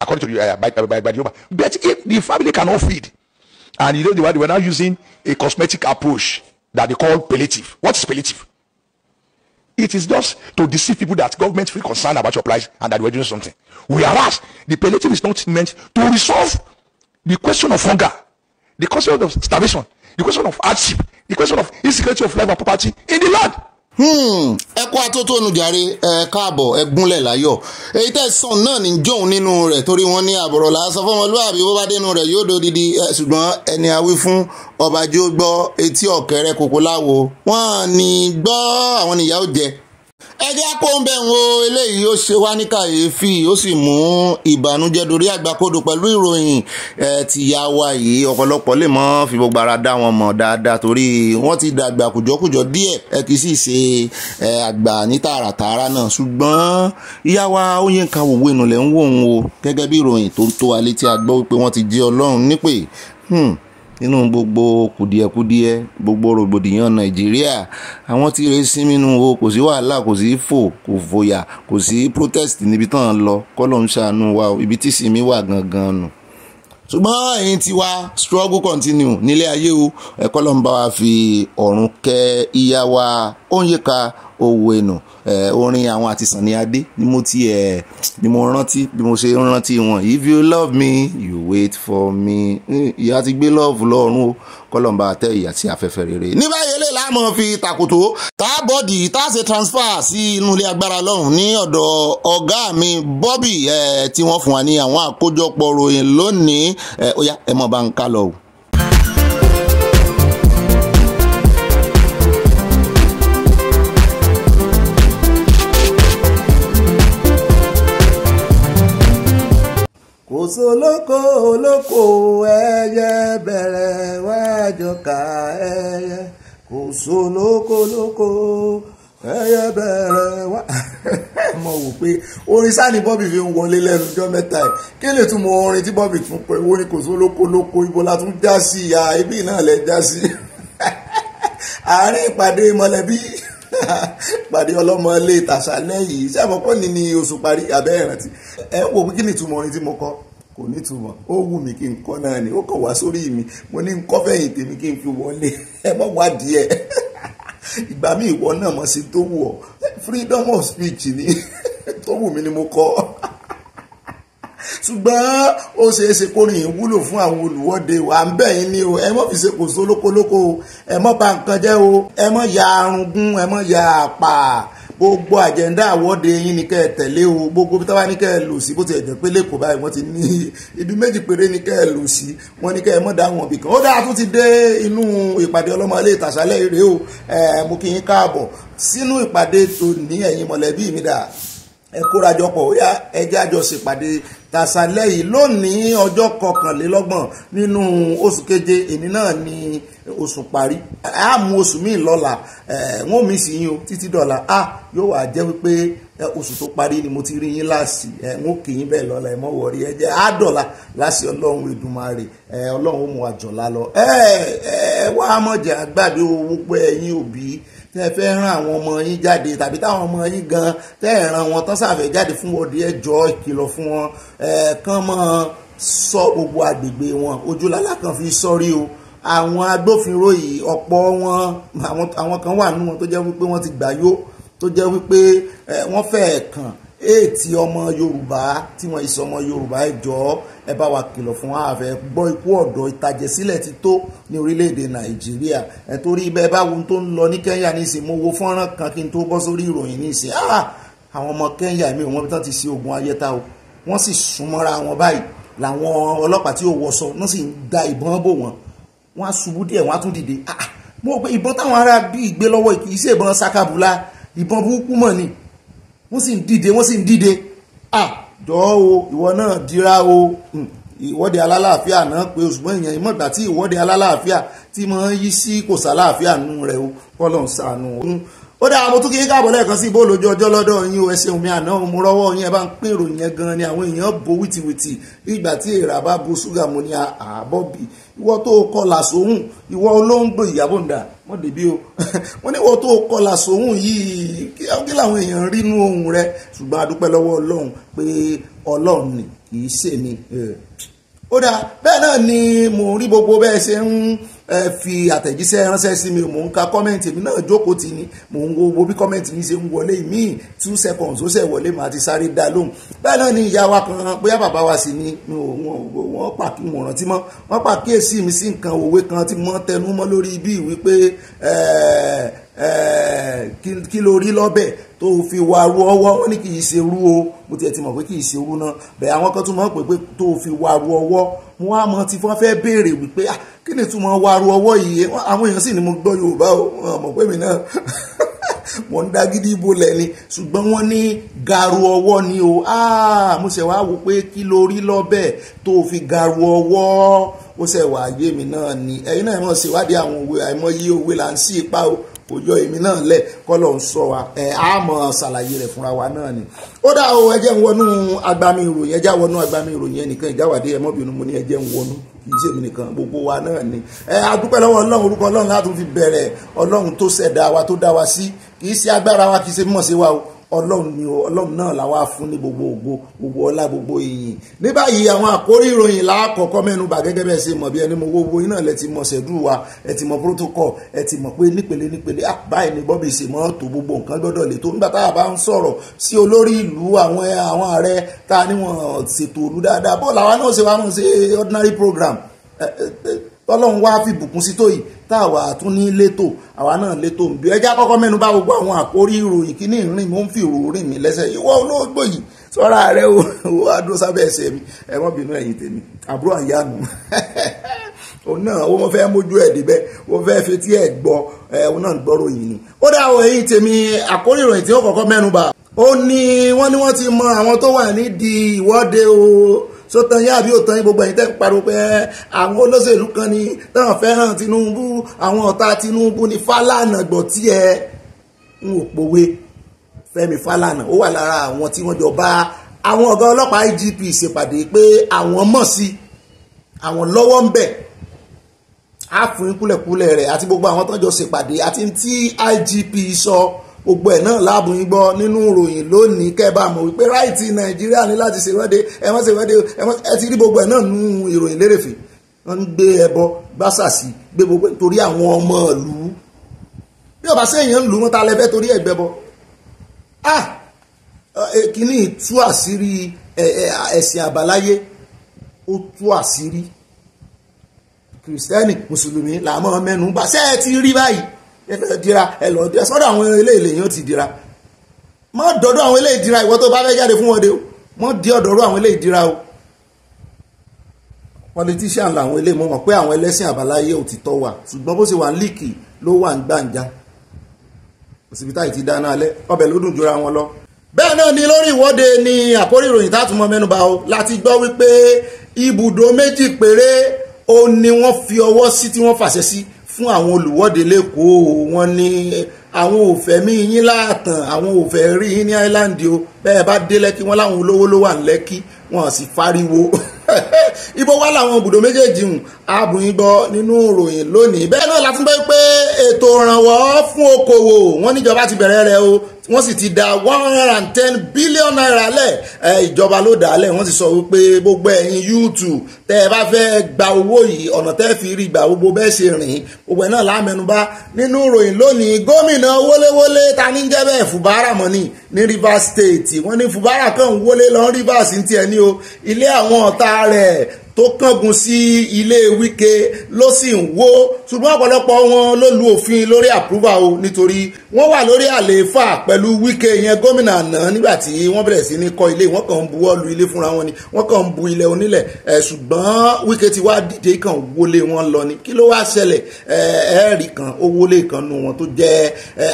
according to the uh, by, by, by the Yoruba but if the family cannot feed and you know the were, they were now using a cosmetic approach that they call palliative what is palliative it is just to deceive people that government feel concerned about your plight and that we're doing something whereas the palliative is not meant to resolve the question of hunger the question of starvation the question of hardship the question of insecurity of life and property in the land Hmm, ẹ kú atótónu jàre ẹ káàbọ̀ ẹ gúnlẹ̀ láyọ̀ èyí tẹ́ sàn náà ní jóun nínú rẹ̀ torí wọ́n ní àbọ̀rọ̀ làásán fọmọlúwàbí bó bá dénú rẹ̀ yóò dodidi ṣùgbọ́n ẹni awí fún ọbàjọ́ gbọ́ etí ọ̀kẹ́rẹ́ kòkó láwo wọ́n ní gbọ́ àwọn ìyá ò ẹjẹ́ àpòǹbẹ̀wò eléyìí ó ṣe wá ní kàyéfì ó sì mú ìbànújẹ́ dorí àgbàkodò pẹ̀lú ìròyìn tìyá wa yìí ọ̀pọ̀lọpọ̀ lè mọ́ fi gbogbo ara dá wọn mọ̀ dáadáa torí wọ́n ti dàgbà kùjọ́kùjọ́ díẹ̀ ẹ kì í sì ṣe àgbà ní tààràtààrà náà ṣùgbọ́n ìyá wa Oyinka Owóẹnu lẹ̀ ń wò ń gẹ́gẹ́ bí ìròyìn tó ń tó wa létí a wípé wọ́n ti jẹ́ Ọlọ́run nípè hmm nínú gbogbo kùdìẹ̀kudiẹ gbogbo rògbòdìyàn nàìjíríà àwọn tí rèé sí nínú o kò sí wàhálà kò sí fò kò fòyà kò sí protest níbi tán ń lọ kọ́lọ̀ ń ṣàánú wa ibi tí sinmi wà gangan nù ṣùgbọ́n ẹ̀yin ti wa struggle continue nílé ayé o ẹ̀kọ́ ló ń bá wa fi ọ̀run kẹ́ ìyá wa Onyeka owó ẹnu eh, orin àwọn àti Sunny Adé ni mo ti ẹ̀ eh, ni mo rántí bí mo ṣe rántí wọn if you love me you wait for me ìyá ti gbé love lọ́rùn o kọ́lọ́mbà tẹ ìyá tí afẹ́fẹ́ rere ní báyìí lè láàmú fi tàkùtò tá a bọ́ọ̀dì tá a ṣe transfer sí inú ilé agbára lọ́hùn ní ọ̀dọ̀ ọ̀gá mi Bobby eh, tí wọ́n fún wa ní àwọn àkójọpọ̀ ròyìn lónìí ó yá ẹ mọ̀ bá ń ká lọ òṣò olóko olóko ẹyẹ bẹ̀rẹ̀ wájọ ká ẹyẹ òṣò olóko olóko ẹyẹ bẹ̀rẹ̀ wá. *laughs* mo wò pé orin sani bọ́bì fi ń wọlé lẹ́nu ọjọ́ mẹ́ta ẹ̀ kí lè tún mọ orin tí bọ́bì tún pé orin kò sí olóko olóko ibo la tún já sí ìyá ibi náà lẹ já sí *laughs* àárín ìpàdé mọ̀lẹ́bí *laughs* pàdé ọlọ́mọ ilé ìtàṣà lẹ́yìn iṣẹ́ àkọ́kọ́ ni ni oṣù parí abẹ́ ìrántí ẹ wò pé kí ni ìtumọ̀ orin tí mo kọ kò nítumọ̀ ó wù mí kí n kọ́ náà ni ó kàn wá sórí mi mo ní n kọ́ fẹ̀yìn tèmi kí n fi wọlé *laughs* ẹ mọ̀ wá díẹ̀ *laughs* ìgbà míì ìwọ náà mọ̀ sí tó wù ọ́ freedom of speech ni *laughs* tó wù mí ni mo kọ́ ṣùgbọ́n ó ṣeé ṣe kó rìn wúlò fún àwọn olùwọ́de wa ń bẹ̀ yín ni o ẹ mọ́ fi ṣe kò sólókólókó o ẹ mọ́ bà nǹkan jẹ́ o ẹ mọ́ ya arúgún ẹ mọ́ ya àpà gbogbo àjẹ̀ndá àwọ́de yín ni kẹ́ ẹ tẹ̀lé o gbogbo bí táwa ní kẹ́ ẹ lò sí bó ti ẹ̀jẹ̀ pé lẹ́kọ̀ọ́ báyìí wọ́n ti ní *laughs* ibi méjì péré ni kẹ́ ẹ lò sí wọ́n ní kẹ́ ẹ mọ̀ dáhùn ọ̀bì kan ó dáa tún ti dé inú ìpàdé ọlọ́mọ ilé ìtàṣálẹ̀ rèé o mo kí yín káàbọ̀ sínú ìpàdé tòní ẹ̀yin mọ̀lẹ́bí mi dáa ẹ kórajọpọ̀ ó yá ẹjẹ́ àjọṣepàdé tàṣálẹ́ yìí lónìí ọjọ́ kọkànlélọ́gbọ̀n nínú oṣù keje èmi náà ni oṣù parí a mú oṣù míì lọ́la n ó mi sì yín o títí dọ̀la a yóò wá jẹ́ wípé oṣù tó parí ni mo ti rí yín láàsì n ó kì í bẹ́ẹ̀ lọ́la ẹ mọ́ wọ̀rí ẹjẹ́ á dọ̀la láti ọlọ́run Èdùmàrè ọlọ́run ó mú àjọ̀lá lọ ẹ ẹ wá mọ̀jà gbàgbé owó pé ẹ̀yin òbí tẹ́ ẹ fẹ́ rán àwọn ọmọ yín jáde tàbí táwọn ọmọ yín gan tẹ́ ẹ rán wọn tán sàfẹ́ jáde fún ọdẹ ẹjọ́ ìkìlọ̀ fún wọn kán mọ́ sọ gbogbo àgbègbè wọn ojúlálà kan fi sọ́rí o àwọn agbófinró yìí ọ̀pọ̀ wọn àwọn kan wà nínú wọn tó jẹ́ wípé wọ́n ti gbà yó tó jẹ́ wípé wọ́n fẹ́ẹ̀ kàn èètì ọmọ yorùbá tí wọ́n ìsọ ọmọ yorùbá ìjọ ẹ bá wa kìlọ̀ fún ààfẹ gbọ́ ikú ọ̀dọ́ ìtàjẹ̀sílẹ̀ ti tó ní orílẹ̀-èdè nàìjíríà ẹ torí bẹ́ẹ̀ báwo tó ń lọ ní kẹ́ńyà nísìnyí mo wo fọ́nrán kan kí n tó bọ́ sórí ìròyìn nísìnyí ah, àwọn ọmọ kẹ́ńyà mi ò wọ́n bí wọ́n ti ṣe ogun ayẹta o wọ́n sì súnmọ́ra wọn báyìí làwọn ọlọ́pàá tí ò wọṣọ wọ́n sì ń da ìbọn bò wọ́n wọ́n á ṣubú díẹ̀ wọ́n á tún dìde ah, mo gbé ìbọn táwọn ará bí ìgbé lọ́wọ́ kì sakabula ìbọn burúkú wọ́n sì ń dìde wọ́n sì ń dìde à jọ̀ọ́ o ìwọ náà dira o hmm, ìwọ́de alálàáfíà náà pé ṣùgbọ́n èèyàn ìmọ̀gbà tí ìwọ́de alálàáfíà tí mo ń yí sí kò sálàáfíà nù rẹ̀ o kọ́lọ̀ ń sànù o. Hmm. ó dáa mo tún kí káàbọ̀ lẹ́ẹ̀kan sí bó lójú ọjọ́ lọ́dọ̀ yín o ẹ ṣeun mi àná mo rọ́wọ́ yín ẹ bá ń pín yẹn gan ni àwọn èèyàn bo wìtìwìtì ìgbà tí èèrà bá ṣúgà mo ní àbọ̀bì ìwọ tó kọlà sóhùn ìwọ olóńgbò ìyàbò ń dà wọ́n dèbí o *laughs* wọ́n ní ìwọ tó kọlà sóhùn yìí kí làwọn èèyàn rí inú ohun rẹ ṣùgbọ́n a dúpẹ́ lọ́wọ́ pé ọlọ́run ni kì í ṣèmi ó dáa bẹ́ẹ̀ náà ni mò ń rí gbogbo bẹ́ẹ̀ ṣe ń ẹ fi àtẹ̀jíṣẹ́ ránṣẹ́ sí mi mò ń ka kọ́mẹ̀ntì mi náà jókòó tì ní mò ń wo bí kọ́mẹ̀ntì mi ṣe ń wọlé míì two seconds ó ṣẹ̀ wọlé màá ti sáré dá lóhùn bẹ́ẹ̀ náà ni ìyá wa kan bóyá bàbá wa sì ni wọ́n pàkí wọ́n rántí mọ́ wọ́n pàkíyèsí mi sí nǹkan òwe kan tí mo tẹnu mọ́ lórí bí wípé kí ló rí lọ́bẹ̀ tó fi wá ru ọwọ́ wọn ní kì í ṣe rú o mo tiẹ̀ ti mọ̀ pé kì í ṣe rú náà bẹ́ẹ̀ àwọn kan tún mọ̀ pé tó fi wá ru ọwọ́ mo wá mọ tí wọ́n fẹ́ béèrè wípé ah, kí ni túmọ̀ wá ru ọwọ́ yìí àwọn èèyàn sì ni mo gbọ́ Yorùbá o mọ̀ pé mi náà wọ́n *laughs* ń dá gidi bolẹ̀ ni ṣùgbọ́n wọ́n ní garu ọwọ́ ni o ah, mo ṣe wá wò pé kí ló rí lọ́bẹ̀ tó fi garu ọwọ́ ó ṣe wà yé mi náà ni ẹ̀yin náà mọ̀ ṣèwádìí àwọn òwe àìmọye òwe là ń sí ipa o kò yọ èmi náà lẹ̀ kọ́lọ̀ ń sọ wa ẹ̀ á mọ̀ ṣàlàyé rẹ̀ fúnra wa náà ni. ó dá o ẹjẹ́ ń wọnú agbami ìròyìn ẹjẹ́ wọnú agbami ìròyìn ẹnìkan ìjáwádé ẹmọ́bìnrin mo ní ẹjẹ́ ń wọnú kì í ṣe èmi nìkan gbogbo wa náà ni. ẹ adúpẹ́ lọ́wọ́ ọlọ́run orúkọ ọlọ́run láti fi bẹ̀rẹ̀ ọlọ́run tó ṣẹ̀dá wa tó dá wa sí kì í ṣe agbára wa kì í ṣe mímọ̀ sí wa o ọlọ́run ni ọlọ́run náà làwa fún ní gbogbo ògo gbogbo ọlá gbogbo ìyìn ní báyìí àwọn àkórí ìròyìn láàkọ́kọ́ mẹ́nubà gẹ́gẹ́ bẹ́ẹ̀ ṣe mọ̀ bí ẹni mọ gbogbo iná lẹ ti mọ̀ ṣẹ̀dú wa ẹ ti mọ̀ protocol ẹ ti mọ̀ pé nípele nípele ah, báyìí ni bọ́bí ṣe mọ́ tó gbogbo nǹkan gbọ́dọ̀ lè tó nígbà tá a bá ń sọ̀rọ̀ sí olórí ìlú àwọn àwọn ààrẹ ta ni wọ́n ṣètò òlu dáadáa bọ́ọ̀lù àwa náà ṣe wá mọ̀ ṣe ordinary program tọ́lọ́run wá fi bùkún sí tó yìí tá àwa tún ní létò àwa náà létò ń bí ẹjá kọ́kọ́ mẹ́nu bá gbogbo àwọn àkórí ìròyìn kí ìrìn mò ń fi ìròyìn mi lẹ́sẹ̀ ìwọ olóògbò yìí sọ́ra rẹ o adó *laughs* sábẹ́ ẹsẹ̀ mi ẹ má bínú ẹ̀yìn tèmi àbúrò àyánu *laughs* òun náà ó fẹ́ mójú ẹ̀ débẹ̀ ó fẹ́ fetí ẹ̀ gbọ́ ẹ̀ òun náà gbọ́rọ̀ yìí ni ó dà wọ ẹ̀yìn tèmi àkórí ìròyìn tí ó kọ́kọ́ mẹ́nu bà ó ní wọ́n ní wọ́n ti mọ àwọn tó wà nídìí ìwọ́de o só tan yín àbí òtan yín gbogbo ẹ̀yin tẹ́ ń pariwo pé eh, àwọn olóṣèlú kan ni táwọn fẹ́ràn Tinubu àwọn ọ̀tá Tinubu ni Fálànà gbọ̀ tí ẹ ń wò pòwe Fẹ́mi Fálànà ó wà lára àwọn tí wọ́n jọ bá àwọn ọ̀gá ọlọ́pàá IGP ṣèpàdé pé àwọn mọ̀ sí àwọn lọ́wọ́ ń bẹ̀ á fún kúlẹ̀kúlẹ̀ rẹ̀ àti gbogbo àwọn tó jọ ṣèpàdé àti tí IGP sọ so, gbogbo ẹ̀ náà láàbù yín gbọ́ nínú ìròyìn lónìí kẹ́ẹ̀bá mọ̀ wípé ráìtì nàìjíríà ní láti ṣe wẹ́dẹ ẹ wọ́n ṣe wẹ́dẹ ẹ ti rí gbogbo ẹ̀ náà nínú ìròyìn lérèfé wọ́n ń gbé ẹbọ gbásàsì gbé gbogbo torí àwọn ọmọ ìlú bí ọba sẹ́yìn lù wọ́n ta lẹ́fẹ́ torí ẹ̀gbẹ́ bọ ah kínní tú àṣírí ẹ̀sìn àbáláyé ó tú àṣírí kìrìsìtẹ́nì mùsùlùmí làwọn mẹ́nu bà sẹ́ẹ̀ ti rí báyìí dira ẹ lọ dira sọ́dọ̀ àwọn eléyìí lèyìn ó ti dira má dọ́dọ̀ àwọn eléyìí dira ìwọ tó bá fẹ́ jáde fún wọn de o má di ọ̀dọ̀rọ̀ àwọn eléyìí dira o politician làwọn eléyìí mo mọ̀ pé àwọn ẹlẹ́sìn àbáláyé òtítọ́ wà ṣùgbọ́n bó ṣe wà ń líìkì ló wà ń gbàǹjà òsibítà yìí ti dáná alẹ́ ọbẹ̀ ló dùn jura wọn lọ. bẹ́ẹ̀ náà ni lórí ìwọ́de ni àkórí ìròyìn tátùmọ̀ mẹ́nuba o láti gbọ́ wípé ibùdó méjì péré o ni wọ́n fi ọwọ́ sí tí wọ́n fàṣẹ sí fún àwọn olùwọ́de lẹ́kọ̀ọ́ wọn ní àwọn ò fẹ́ yín láàtàn àwọn ò rí yín ní áíláńdì o bẹ́ẹ̀ bá dé wọn láwọn olówó ló wà lẹ́kí wọn sì fariwo *laughs* *laughs* ibo wá làwọn ibùdó méjèèjì hùn abùnrin nínú ìròyìn lónìí bẹ́ẹ̀ náà láti gbọ́ pé ètò ìrànwọ́ fún okòwò wọ́n níjọba ti bẹ̀rẹ̀ rẹ̀ o wọ́n sì ti da one hundred and ten billion naira lẹ̀ ìjọba ló dà á lẹ̀ wọ́n sì sọ wípé gbogbo ẹ̀yin YouTube tẹ́ ẹ bá fẹ́ gba owó yìí ọ̀nà tẹ́ fi rí gbà gbogbo bẹ́ẹ̀ ṣe rìn gbogbo ẹ̀ náà lámẹnubá nínú ìròyìn lónìí gómìnà wọléwọlé ta ní jẹ́ Fubara mọ́ ni ní Rivers State wọ́n ní Fubara kàn wọlé lọ Rivers ti ẹ̀ ní o ilé àwọn ọ̀tá jeclee tó kángun sí ilé Wike ló sì ń wó ṣùgbọ́n ọ̀pọ̀lọpọ̀ wọn ló lu òfin lórí àpúrúbà o nítorí wọ́n wà lórí àlééfà pẹ̀lú Wike yẹn gómìnà àná nígbà tí wọ́n bẹ̀rẹ̀ sí ní kọ́ ilé wọ́n kàn ń buwọ́ lu ilé fúnra wọn ni wọ́n kàn ń bu ilẹ̀ onílẹ̀ ẹ̀ ṣùgbọ́n Wike ti wá dìde kàn wọlé wọn lọ ni kí ló wá ṣẹlẹ̀ ẹ̀ẹ́rì kan ó wọlé kan nu wọn tó jẹ́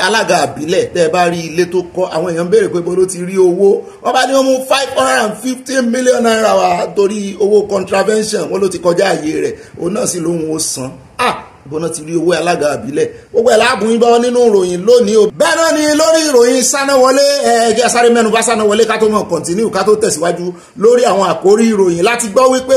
alága àbílẹ̀ tẹ́ ẹ bá rí ilé tó kọ́ àwọn èèyàn béèrè pé bọ́dọ̀ ti rí owó wọ́n bá ní wọ́n mú five hundred and fifty million naira wá torí owó contravention pension wọn ló ti kọjá àyè rẹ̀ òun náà sì lóhun ó san ah ìbọnà ti rí owó alága àbílẹ̀ gbogbo ẹ̀ láàbùn bá wọn nínú ìròyìn lónìí o. bẹ́ẹ̀ náà ni lórí ìròyìn sánáwọlé ẹ̀ẹ́dẹ́ sáré mẹ́nu bá sánáwọlé ká tó mọ̀ kọ̀ǹtínú ká tó tẹ̀síwájú lórí àwọn àkórí ìròyìn láti gbọ́ wípé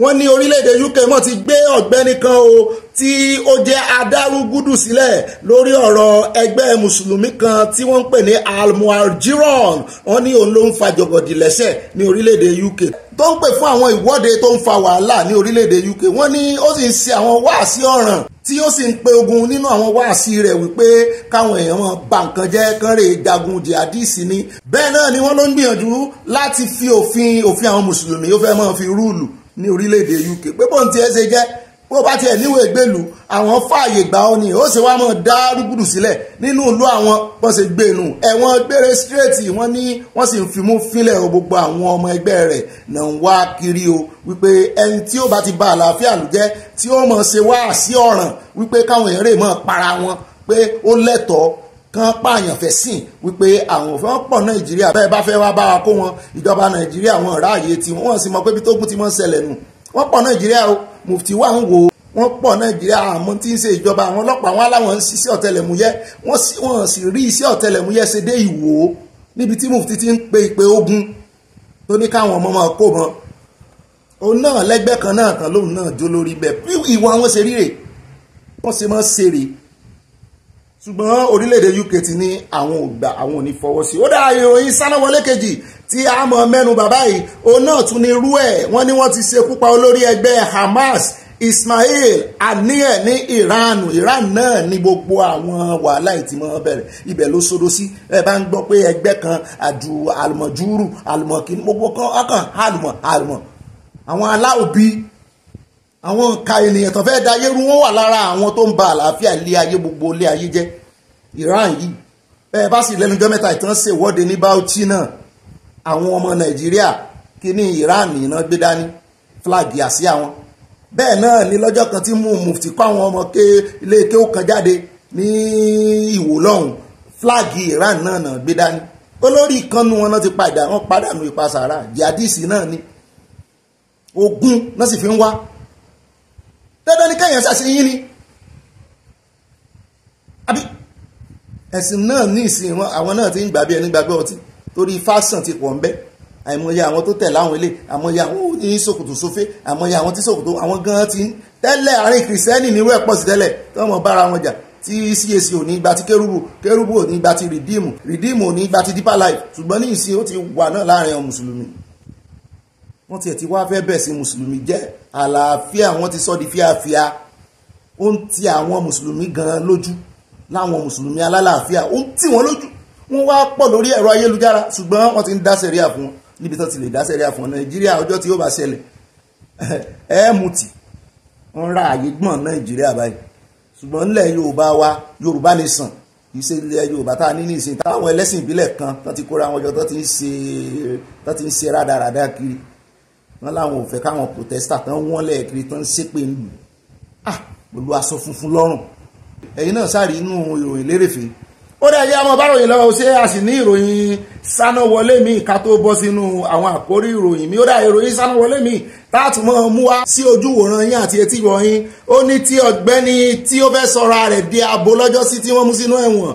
wọ́n ní orílẹ̀-èdè UK mọ̀ ti gbé ọ̀gbẹ́ni kan o tí ó jẹ́ adárúgúdù sílẹ̀ lórí ọ̀rọ̀ ẹgbẹ́ mùsùlùmí kan tí wọ́n ń pè ní almuajiron wọ́n ní òun ló ń fa jọ̀gọ̀dì lẹ́sẹ̀ ní orílẹ̀-èdè UK tó ń pè fún àwọn ìwọ́de tó ń fa wàhálà ní orílẹ̀-èdè UK wọ́n ní ó sì ń ṣe àwọn wáàsí ọ̀ràn tí ó sì ń pe ogun nínú àwọn wáàsí rẹ̀ wípé káwọn èèyàn wọn bà nǹkan jẹ́ kán rè jagun jihadisi ni bẹ́ẹ̀ náà ni wọ́n ló ń gbìyànjú láti fi òfin òfin àwọn mùsùlùmí ó fẹ́ máa fi rúùlù ní orílẹ̀-èdè UK pé bóun ti ẹ́ ṣe jẹ́ bó o bá tiẹ̀ níwèé gbèlú àwọn fààyè gbà ọ ni ó sì wá mọ̀ dá rúgùdù sílẹ̀ nínú ìlú àwọn bọ́n ṣe gbé inú ẹ̀wọ̀n gbére síréètì wọ́n ní wọ́n sì ń fimú fínlẹ̀ o gbogbo àwọn ọmọ ẹgbẹ́ rẹ̀ náà ń wá kiri o wípé ẹni tí ó bá ti ba àlàáfíà lù jẹ́ tí ó mọ̀ ṣe wá sí ọ̀ràn wípé káwọn èèyàn rè mọ̀ para wọn pé ó lẹ́tọ̀ọ́ kan pààyàn fẹ́ sìn wípé àwọn òfin pọ̀ nàìjíríà bẹ́ẹ̀ bá fẹ́ wá bá wa kó wọn ìjọba nàìjíríà wọn ráàyè tí wọ́n sì mọ̀ pé bí tógun ti mọ̀ ń ṣẹlẹ̀ nù wọ́n pọ̀ nàìjíríà o mufti wa ń wo wọ́n pọ̀ nàìjíríà àmọ́ tí ń ṣe ìjọba àwọn ọlọ́pàá wọn aláwọ̀ ń ṣiṣẹ́ ọ̀tẹlẹ̀múyẹ́ wọ́n sì wọ́n sì rí iṣẹ́ ọ̀tẹlẹ̀múyẹ́ ṣe dé ìwò níbi tí mufti ti ń pe ìpè ogun tó ní káwọn ọmọ máa kó mọ́ òun náà lẹ́gbẹ́ kan náà kan lóun náà jó lórí bẹ́ẹ̀ bí ìwà wọn ṣe ríre wọ́n ṣe máa ṣeré ṣùgbọ́n orílẹ̀-èdè UK ti ní àwọn ògbà àwọn ò ní fọwọ́ sí i ó dá ìròyìn sánáwọlé kejì tí a mọ̀ mẹ́nu bàbá yìí òun náà tún ní irú ẹ̀ wọ́n ní wọ́n ti ṣekú pa olórí ẹgbẹ́ Hamas Ismail Haniyeh ní Iran Iran náà ní gbogbo àwọn wàhálà ìtìmọ̀ bẹ̀rẹ̀ ibẹ̀ ló sodo sí ẹ bá ń gbọ́ pé ẹgbẹ́ kan àjù àlùmọ̀júrù àlùmọ̀kí gbogbo kan ọkàn àlùmọ̀ àlùmọ̀ àwọn aláòbí àwọn nǹka ènìyàn tó fẹ́ da ayé rú wọn wà lára àwọn tó ń ba àlàáfíà ilé ayé gbogbo ilé ayé jẹ́ Iran yìí bẹ́ẹ̀ bá sì lẹ́nu jọ́mẹ́ta ìtàn ṣèwọ́de ní Bauchi náà àwọn ọmọ Nàìjíríà kíní Iran iná gbé dání flag àsíá wọn bẹ́ẹ̀ náà ni lọ́jọ́ kan tí mú mufti kọ́ àwọn ọmọ ké ilé kéwú kan jáde ní Ìwó lọ́hùn flag Iran náà náà gbé dání olórí ìkànnù wọn náà ti padà wọn padà nù ìpasàrà jihadisi náà ni ogun náà sì fi ń wá dandan ní kẹ́yìn ẹ̀sà sí yín ni àbí ẹ̀sìn náà ní ìsìn wọn àwọn náà ti ń gbà bí ẹni gbàgbé ọtí torí fásán ti pọ̀ ń bẹ́ àìmọye àwọn tó tẹ̀lé àwọn ilé àmọye àwọn ò ní ṣòkòtò sófé àmọye àwọn tí ṣòkòtò àwọn gan ti ń tẹ́lẹ̀ àárín kìrìsìtẹ́nì nírú ẹ̀ pọ̀ sí tẹ́lẹ̀ tí wọ́n mọ̀ bára wọn jà tí cac ò ní gba ti kérúbù kérúbù ò ní gba ti rìdíìmù rìdíìmù ò ní gba ti deeper life ṣùgbọ́n ní ìsìn ó ti wà náà láàrin àwọn mùsùlùmí wọ́n tiẹ̀ ti wá fẹ́ bẹ̀ sí mùsùlùmí jẹ́ àlàáfíà wọ́n ti sọ́ di fíàfíà ó ń ti àwọn mùsùlùmí gan lójú láwọn mùsùlùmí alálàáfíà ó ń tì wọ́n lójú wọ́n wá pọ̀ lórí ẹ̀rọ ayélujára ṣùgbọ́n wọ́n ti ń dá sẹ̀ríà fún wọn níbi tó ti lè dá sẹ̀ríà fún wọn nàìjíríà ọjọ́ tí ó bá ṣẹlẹ̀ ẹ̀ mú tì wọ́n ra àyè gbọ̀n nàìjíríà báyìí ṣùgbọ́n nílẹ̀ yorùbá wa yorùbá nation kì í ilẹ̀ yorùbá tá a ní nísìnyí táwọn ẹlẹ́sìn ìbílẹ̀ kan tó ti kóra wọn jọ tó ti ń ṣe rádaràdà kiri wọ́n láwọn ò fẹ́ káwọn protester tán wọ́n lẹ́ẹ̀kiri tán ṣépè ń lù ah olú aṣọ funfun lọ́rùn ẹ̀yin náà sáré inú ìròyìn lérèfé ó dẹ̀ jẹ́ ọmọ báròyìn lọ́wọ́ ṣé a sì ní ìròyìn sáná wọlé mi ká tó bọ́ sínú àwọn àkórí ìròyìn mi ó dà ìròyìn sáná wọlé mi táàtù mọ́ mú wá sí ojú wòran yín àti etí wọ̀nyín ó ní tí ọ̀gbẹ́ni tí ó fẹ́ sọra rẹ̀ di abo lọ́jọ́ sí tí wọ́n mú sínú ẹ̀wọ̀n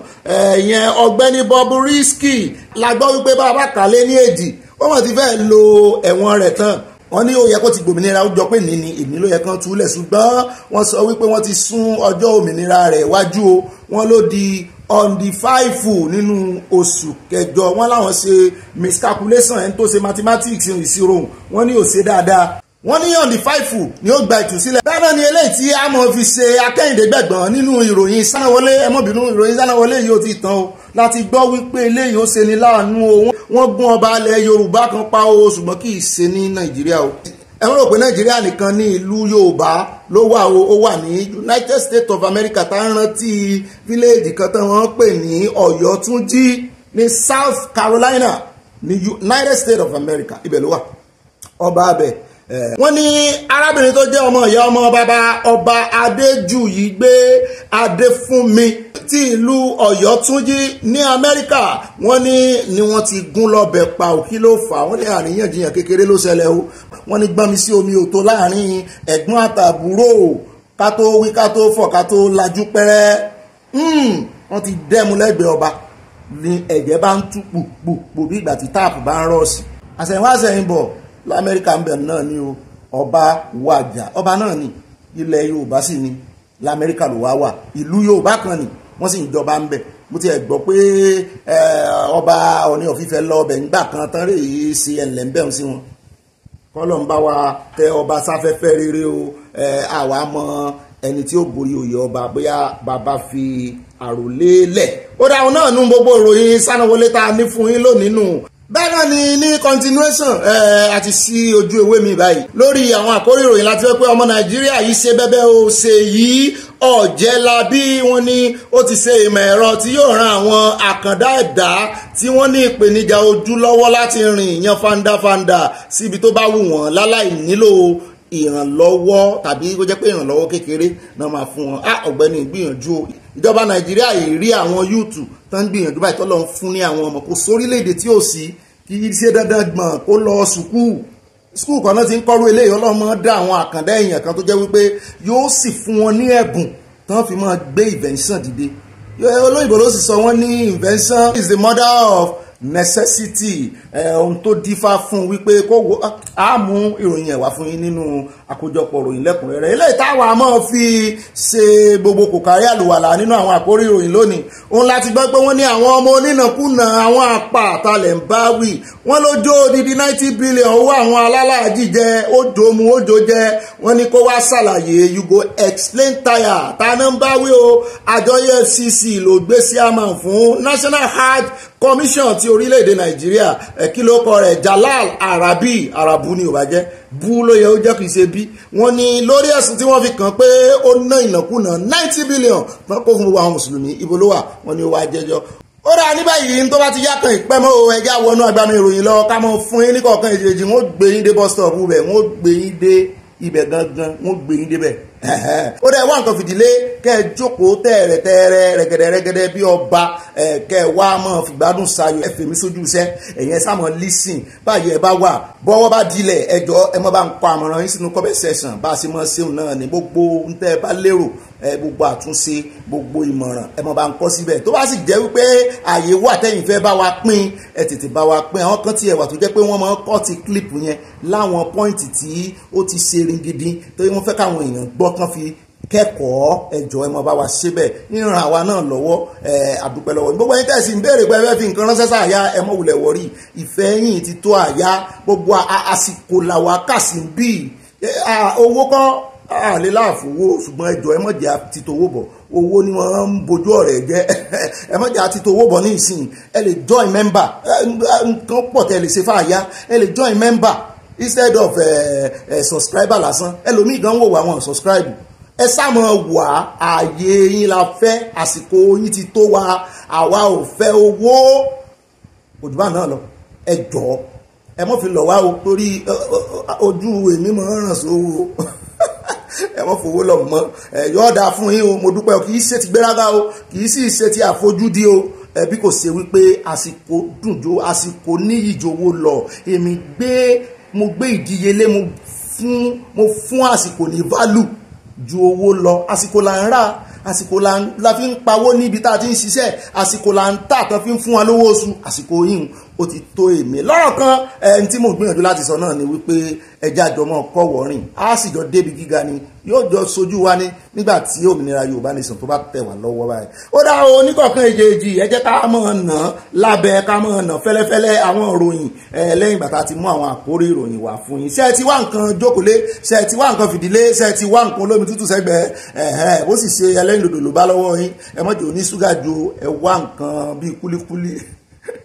ẹ̀yẹn ọ̀gbẹ́ni Bobrisky la gbọ́ wípé bàbá kàlẹ́ ní èdì wọ́n mọ̀ ti fẹ́ lo ẹ̀wọ̀n rẹ̀ tán wọ́n ní ó yẹ kó ti gbòmìnira ó jọ pé ní ni èmi ló yẹ kán túlẹ̀ ṣùgbọ́n wọ́n sọ wípé wọ́n ti sún ọjọ́ òmìnira rẹ̀ wájú o wọ́n ló di on the five nínú oṣù kẹjọ wọ́n láwọn ṣe miscalculation ẹni tó ṣe mathematics ìṣirò wọ́n ní ó ṣe dáadáa wọ́n ní on the five ni ó gba ìtúsílẹ̀. bẹ́ẹ̀ náà ni eléyìí tí a mọ̀ fi ṣe akẹ́yìndé gbẹ̀gbọ̀n nínú ìròyìn sánáwọlé ẹmọ́bìnú ìròyìn sánáwọlé yìí ó ti tán o láti gbọ́ wípé eléyìí ó ṣe ni láàánú o wọ́n gún ọba alẹ̀ yorùbá kan pa o ṣùgbọ́n kì í ṣe ní nàìjíríà o ẹ wọ́n rò pé nàìjíríà nìkan ní ìlú yorùbá ló wà o ó wà ní united states of america tá ń rántí fíléèjì kan tí wọ́n pè ní ọ̀yọ́túnjí ní south carolina ní united states of america ibẹ̀ ló wà ọba abẹ Eh, wọ́n ní arábìnrin tó jẹ́ ọmọ ìyá ọmọ bàbá ọba adéjùyígbé adéfúnmi ti ìlú ọ̀yọ́túnjí ní amẹ́ríkà wọ́n ní ni wọ́n ti gún lọ́bẹ̀ pa ò kí ló fà wọ́n ní àríyànjiyàn kékeré ló ṣẹlẹ̀ o wọ́n ní gbọ́nmi sí omi òtó láàrin ẹ̀gbọ́n àtàbúrò ká tó wí ká tó fọ̀ ká tó lajú pẹ́rẹ́ hmm, wọ́n ti dẹ́mu lẹ́gbẹ̀ẹ́ ọba ni ẹ̀jẹ̀ bá ń tú pòpòpò bí ìgbà tí táàpù bá ń rọ̀ sí àṣẹ̀yìnwá àṣẹ̀yìnbọ̀ lamẹ́ríkà ń bẹ̀ náà ni o ọba wàjà ọba náà ni ilẹ̀ yorùbá sì ni lamẹ́ríkà ló wá wà ìlú yorùbá kan ni wọ́n sì ń jọba ń bẹ̀ mo ti ẹ̀ gbọ́ pé ọba ọ̀ní ọ̀fífẹ́ lọ ọbẹ̀ ńgbà kan tán rè é ṣe ẹ̀lẹ́ ń bẹ̀rù sí wọn kọ́lọ̀ ń bá wa tẹ ọba sáfẹ́fẹ́ rere o àwa mọ ẹni tí ó borí oyè ọba bóyá bàbá fi àròlé lẹ̀ ó dáhùn náà nú gbogbo ìròyìn sánáwọlé tá a ní fún yín lónìí nù bẹ́ẹ̀ náà ni ní continuation eh, àti sí ojú ewé mi báyìí lórí àwọn àkórí ìròyìn láti fẹ́ pé ọmọ nàìjíríà yìí ṣe bẹ́bẹ́ ó ṣe yìí ọ̀jẹ̀la bí wọ́n ní ó ti ṣe ìmọ̀ ẹ̀rọ tí yóò ran àwọn àkàndá ẹ̀dá tí wọ́n ní ìpèníjà ojú lọ́wọ́ láti rìn ìyan fandafanda síbi tó bá wù wọ́n láláì nílò ìrànlọ́wọ́ tàbí kó jẹ́ pé ìrànlọ́wọ́ kékeré náà máa fún wọn ah, ọ̀gbẹ́ni ìgbìyànjú ìjọba nàìjíríà yìí rí àwọn yúùtù tó ń gbìyànjú báyìí tọ́lọ́ ń fún ní àwọn ọmọ kò sórílẹ̀-èdè tí ò sí kì í ṣe dandan gbọ̀n kó lọ sùkúù sùkúù kan náà ti ń kọ́rú eléyìí ọlọ́mọ dá àwọn àkàndá èèyàn kan tó jẹ́ wípé yóò sì fún wọn ní ẹ̀bùn tán fi máa gbé invention dìde olóyìnbó ló sì sọ wọ́n ní invention is the mother of necessity ohun tó dífá fún wípé kó wo á ah, mú ìròyìn ẹ̀wà fún yín nínú àkójọpọ̀ ìròyìn lẹ́kùnrẹ́rẹ́ eléyìí táwa máa fi ṣe gbogbo kòkárí àlùwàlà nínú àwọn àkórí ìròyìn lónìí òun láti gbọ́ pé wọ́n ní àwọn ọmọ onínàkúnà àwọn apá àtàlẹ̀ ń bá wì wọ́n ló jó odidi ninety billion owó àwọn alálàájì jẹ ó dòmu ó jò jẹ wọ́n ní kó wá ṣàlàyé you go explain tire tàná ń bá wí o àjọ EFCC ló gbé sí àmà fún National Heart Commission ti orílẹ̀-èdè Nàìjíríà kí ló kọ rẹ̀ Jalal Arabi Arabu ni ò bá jẹ́ bú ló yẹ ó jẹ́ kìí ṣe bí wọ́n ní lórí ẹ̀sùn tí wọ́n fi kàn pé ó ná ìnákúnà ninety billion wọ́n kó fún gbogbo àwọn mùsùlùmí ibo ló wà wọ́n ní ó wá jẹ́jọ́ ó dáa ní báyìí tó bá ti yá kan ìpẹ́ mọ́ ẹja wọnú agbami ìròyìn lọ ká mọ́ fún yín níkọ̀ọ̀kan ìjèjì wọ́n gbé yín dé bus stop bẹ̀ wọ́n gbé yín dé ibẹ̀ gangan wọ́n gbé yín débẹ̀ ó dẹ̀ wá nǹkan fìdílé kẹ́ ẹ jókòó tẹ́ẹ̀rẹ̀ tẹ́ẹ̀rẹ̀ rẹ̀gẹ̀dẹ̀ rẹ̀gẹ̀dẹ̀ bí ọba kẹ́ ẹ wá mọ̀ fìgbádùn sayo ẹ fèmí sójú iṣẹ́ ẹ̀yẹn sáàmọ̀ lísìn báyìí ẹ bá wà bọ́wọ́ bá dilẹ̀ ẹjọ́ ẹ mọ́ bá ń kọ àmọ̀ràn yín sínú kọ́bẹ̀ sẹ̀sán bá a ṣe mọ́ ṣeun náà ní gbogbo ń tẹ́ ẹ bá lérò gbogbo àtúnṣe gbogbo ìmọ̀ràn ẹ mọ̀ bá ń kọ́ síbẹ̀ tó bá sì jẹ́ wípé àyè wà tẹ́yìn fẹ́ bá wa pín ẹ tètè bá wa pín àwọn kan tí wà tó jẹ́ pé wọ́n máa ń ti clip yẹn láwọn pọ́ìntì tí ó ti ṣe ringidi tó yẹ wọ́n fẹ́ káwọn èèyàn gbọ́ kán fi kẹ́kọ̀ọ́ ẹjọ́ ẹ bá wa ṣe bẹ́ẹ̀ níran àwa náà lọ́wọ́ àdúpẹ́ lọ́wọ́ gbogbo yín tẹ̀sí ń pé ẹ fi nǹkan ránṣẹ́ sáàyà ẹ mọ̀ wulẹ̀ wọ̀rí ìfẹ́ yín ti tó àyà gbogbo àsìkò làwa kà ń bì owó kọ́ àlè ṣùgbọ́n ẹjọ́ ẹ jẹ́ àti tówó bọ̀ owó ni wọ́n ń bojú ọ̀rẹ́ jẹ́ *laughs* ẹ jẹ́ àti tówó bọ̀ ní ìsìn ẹ member nǹkan pọ̀ tẹ́ lè lè join member instead of ẹ eh, ẹ eh, subscriber lásán ẹlòmíì gan wò wá wọn subscribe ẹ sáàmọ wà ààyè yín la fẹ́ àsìkò yín ti tó wa àwa ò fẹ́ owó òdùbà náà lọ ẹ jọ̀ọ́ ẹ mọ̀ fi lọ̀ wá o torí ojú èmi mọ̀ ń ràn sówó *laughs* ẹ mọ̀ fowó lọ̀ mọ́ ẹ yọ̀ọ́ dáa fún yín o mo dúpẹ́ o kì í ṣe ti gbéraga o kì í sì ṣe ti àfojúdi o ẹbí kò ṣe wípé àsìkò dùnjó àsìkò ní ìjòwò lọ èmi gbé mo gbé ìdíyelé mo fún mo fún àsìkò ní value ju owó lọ àsìkò là ń rà àsìkò la fi ń pawó níbi tá a ti ń ṣiṣẹ́ àsìkò la ń tà tán fi ń fún wa lówó oṣù àsìkò yìí ó ti tó èmi lọ́rọ̀ kan ẹni tí mo gbìyànjú láti sọ náà ni wípé ẹja àjọmọ́ kọ́wọ́rìn á sì jọ débi gíga ni yóò jọ sojú wa ní nígbà tí òmìnira Yorùbá nation tó bá tẹ̀ wá lọ́wọ́ báyìí ó dá o oníkọ̀ọ̀kan èjèèjì ẹ jẹ́ ká mọ̀ nà lábẹ́ ká mọ̀ nà fẹ́lẹ́fẹ́lẹ́ àwọn ìròyìn lẹ́yìn bàtà ti mú àwọn àkórí ìròyìn wá fún yín ṣé ẹ ti wá nǹkan jókòólé ṣé ẹ ti wá nǹkan fìdílé ṣé ti wá nǹkan olómi tútù sẹ́gbẹ̀ẹ́ ó sì ṣe ẹlẹ́yìn lòdò bá lọ́wọ́ yín ẹ mọ̀jọ̀ ní ju ẹ wá nǹkan bíi kúlíkúlí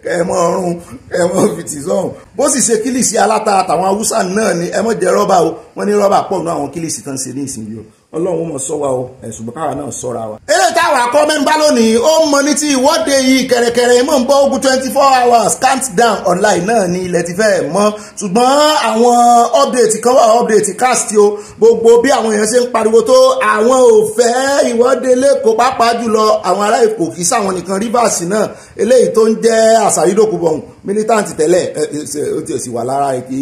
ẹ mọ ọrùn ẹ mọ fìtì sọhùn bó sì ṣe kílìsì aláta àtàwọn haúsá náà ni ẹ mọ jẹ rọ́bà o wọ́n ní rọ́bà pọ̀ nù àwọn kílìsì tán ṣe ní ìsinyìí o ọlọ́run mọ̀ sọ́wa o ẹ̀sùn bọ́káwá náà sọ́ra wa. eré táwọn akọ́ mẹ́ńbà lónìí ó ń mọ ní ti ìwọ́de yìí kẹ̀rẹ̀kẹ̀rẹ̀ mọ̀ ń bọ́ ogun twenty four hours countdown online náà ni ilẹ̀ ti fẹ́ mọ́ ṣùgbọ́n àwọn update kan wà update cast o gbogbo bí àwọn èèyàn ṣe ń pariwo tó àwọn ò fẹ́ ìwọ́de lẹ́kọ̀ọ́ pàápàá jùlọ àwọn ará èkó kì í sáwọn nìkan rivers náà eléyìí tó ń jẹ́ àṣàrídòkúbọ̀n militant tẹ́lẹ̀ ó ti sì wà lára kì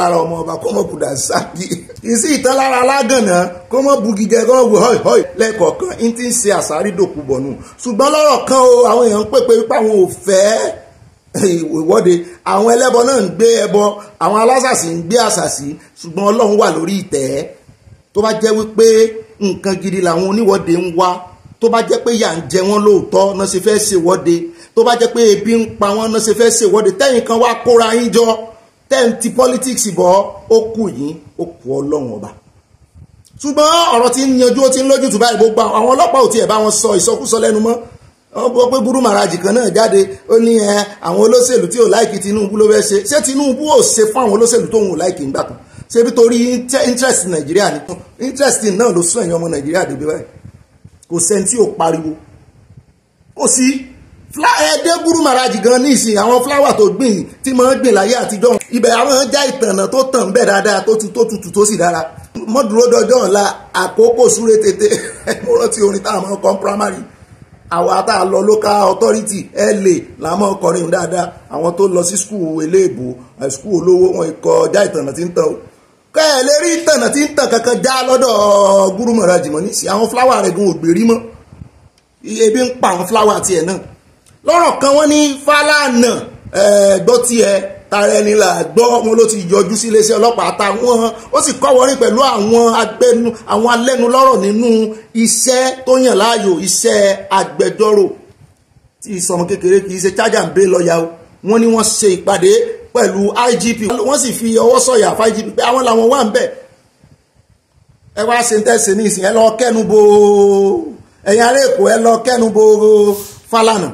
lára ọmọ ọba kọ́mọkùdà sáàkì kì í sì tán lára alágànná kó mọ́ bugi jẹ kó mọ́ bu hoi hoi lẹ́ẹ̀kọ̀ọ̀kan n ti ń ṣe àṣàrí dòkú bọ̀ nù ṣùgbọ́n lọ́rọ̀ kan o àwọn èèyàn ń pèpè wípé àwọn ò fẹ́ *laughs* ìwọ́de àwọn ẹlẹ́bọ náà ń gbé ẹbọ àwọn alásàsì ń gbé àṣàsì ṣùgbọ́n ọlọ́run wà lórí ìtẹ́ tó bá jẹ́ wípé nǹkan gidi làwọn oníwọ́de ń wá tó bá jẹ́ pé yà ń jẹ wọ́n lóòótọ́ náà ṣe fẹ́ ṣèwọ́de tó bá jẹ́ pé ebi ń pa wọ́n náà ṣe fẹ́ ṣèwọ́de tẹ́yìn kan wá kóra yín jọ tẹ́ǹtì politics bọ́ ó kù yín ó kù ọlọ́run ọba ṣùgbọ́n ọ̀rọ̀ ti ń yanjú ó ti ń lójú tù báyìí gbogbo àwọn ọlọ́pàá ò tiẹ̀ bá wọn sọ ìsọkúsọ lẹ́nu mọ́ wọ́n gbọ́ pé burú màràjì kan náà jáde ó ní ẹ àwọn olóṣèlú tí ò láìkì Tinubu ló fẹ́ ṣe ṣé Tinubu ò ṣe fún àwọn olóṣèlú tó ń láìkì ńgbà kan ṣe bí torí interest Nàìjíríà ni interest náà ló sún ẹ̀yìn ọmọ Nàìjíríà débi báyìí kò sẹ́ni tí ò pariwo ó sì ẹdẹ burú màràjì gan ní ìsìn àwọn fúláwà tó gbìn tí mo ń gbìn láyé àtijọ́ ibẹ̀ àwọn já ìtànà tó tàn bẹ́ẹ̀ dáadáa tó tutù tó sì dára mọ́dúró dọjọ́ ọ̀la àkókò súré tètè *laughs* mo rántí orin táwọn ọmọ kan primary àwa tá a lọ local authority la làmọ́ ọkọrin dáadáa àwọn tó lọ sí skul eléèbó skul olówó wọn ikọ̀ ọjà ìtànà tí ń tàn o kẹ́ ẹ̀ lè rí ìtànà tí ń tàn kankan já lọ́dọ̀ gúrúmọ̀ra jìmọ̀ ní sí àwọn fúláwà rẹ̀ gan ògbèrí mọ́ ebi ń pa àwọn fúláwà tiẹ̀ náà lọ́rọ̀ kan wọ́n ní fálànà eh, ẹ̀ẹ́dọ́tiẹ̀ tààrẹ ni là gbọ́ wọn ló ti yọjú sí iléeṣẹ́ ọlọ́pàá táwọn ó sì kọ́ wọ́n rìn pẹ̀lú àwọn agbẹnu àwọn alẹ́nulọ́rọ̀ nínú iṣẹ́ tó yàn láàyò iṣẹ́ agbẹjọ́rò tí ìsọmọ kékeré kì í ṣe chájà ń bẹ lọ́yà o wọ́n ní wọ́n ṣe ìpàdé pẹ̀lú IGP wọ́n sì fi ọwọ́ sọ̀yà fún IGP pé àwọn làwọn wà ń bẹ̀ ẹ wá ṣe ń tẹ̀sí ní ìsìn ẹ lọ kẹ́nu bo ẹ̀yin ará Èkó ẹ lọ kẹ́nu bo Fálànà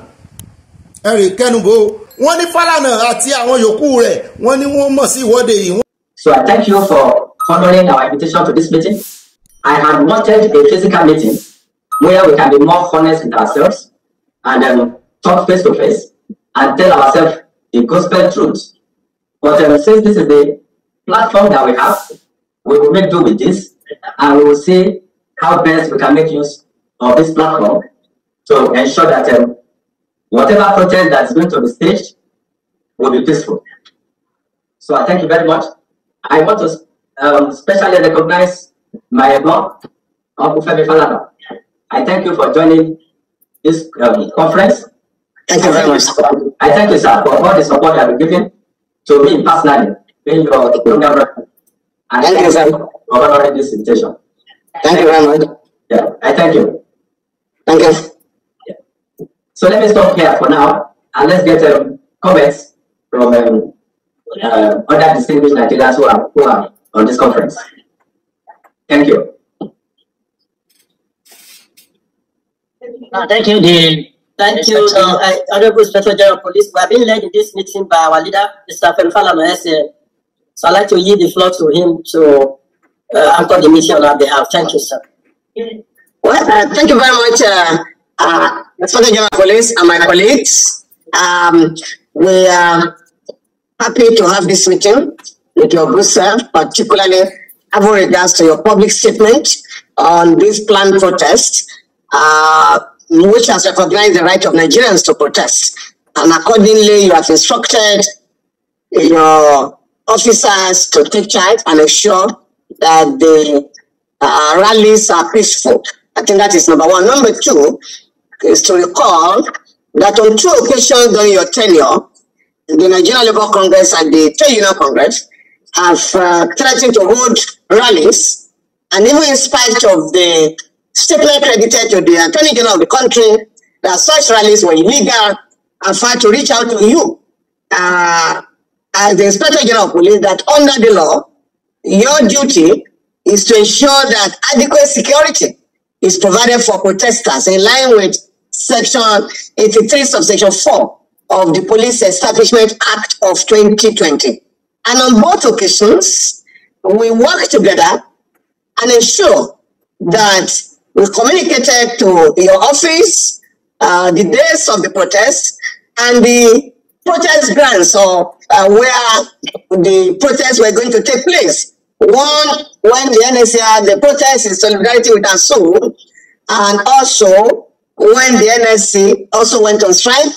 ẹ rè kẹ́nu bo wọ́n ní Fálànà àti àwọn yòókù rẹ̀ wọ́n ní wọ́n mọ̀ sí ìwọ́de yìí. So I thank you for honouring our invitation to this meeting. I had wanted a physical meeting where we can be more honest with ourselves and um, talk face to face and tell ourselves the gospel truth. But um, since this is the platform that we have, we will make do with this and we will see how best we can make use of this platform to ensure that um, Whatever protest that's going to be staged will be peaceful. So I thank you very much. I want to um, specially recognize my boss, Uncle Femi Falana. I thank you for joining this um, conference. Thank you very much. I thank you, sir, for all the support you have given to me personally in your program. And thank you, sir. for honoring this invitation. Thank you very much. Yeah, I thank you. Thank you. So let me stop here for now, and let's get um, comments from um, uh, other distinguished Nigerians who are, who are on this conference. Thank you. Uh, thank you, Dean. Thank you, uh, Honorable Inspector General Police. We have been led in this meeting by our leader, Mr. Fenfalano Ese. So I'd like to yield the floor to him to uh, anchor the meeting on our behalf. Thank you, sir. Well, uh, thank you very much, uh, uh, responding to my colleagues and my colleagues, um, we are happy to have this meeting with your good self, particularly having regards to your public statement on this planned protest, uh, which has recognized the right of Nigerians to protest. And accordingly, you have instructed your officers to take charge and ensure that the uh, rallies are peaceful. I think that is number one. Number two, is to recall that on two occasions during your tenure, the Nigerian Labour Congress and the Trade Union Congress have uh, threatened to hold rallies and even in spite of the statement credited to the Attorney General of the country that such rallies were illegal and to reach out to you uh, as the Inspector General of Police that under the law, your duty is to ensure that adequate security is provided for protesters in line with section, 83 a 3 subsection 4 of the Police Establishment Act of 2020. And on both occasions, we worked together and ensure that we communicated to your office uh, the days of the protest and the protest grounds or uh, where the protests were going to take place. One, when the NSA, the protest in solidarity with us, and also when the NSC also went on strike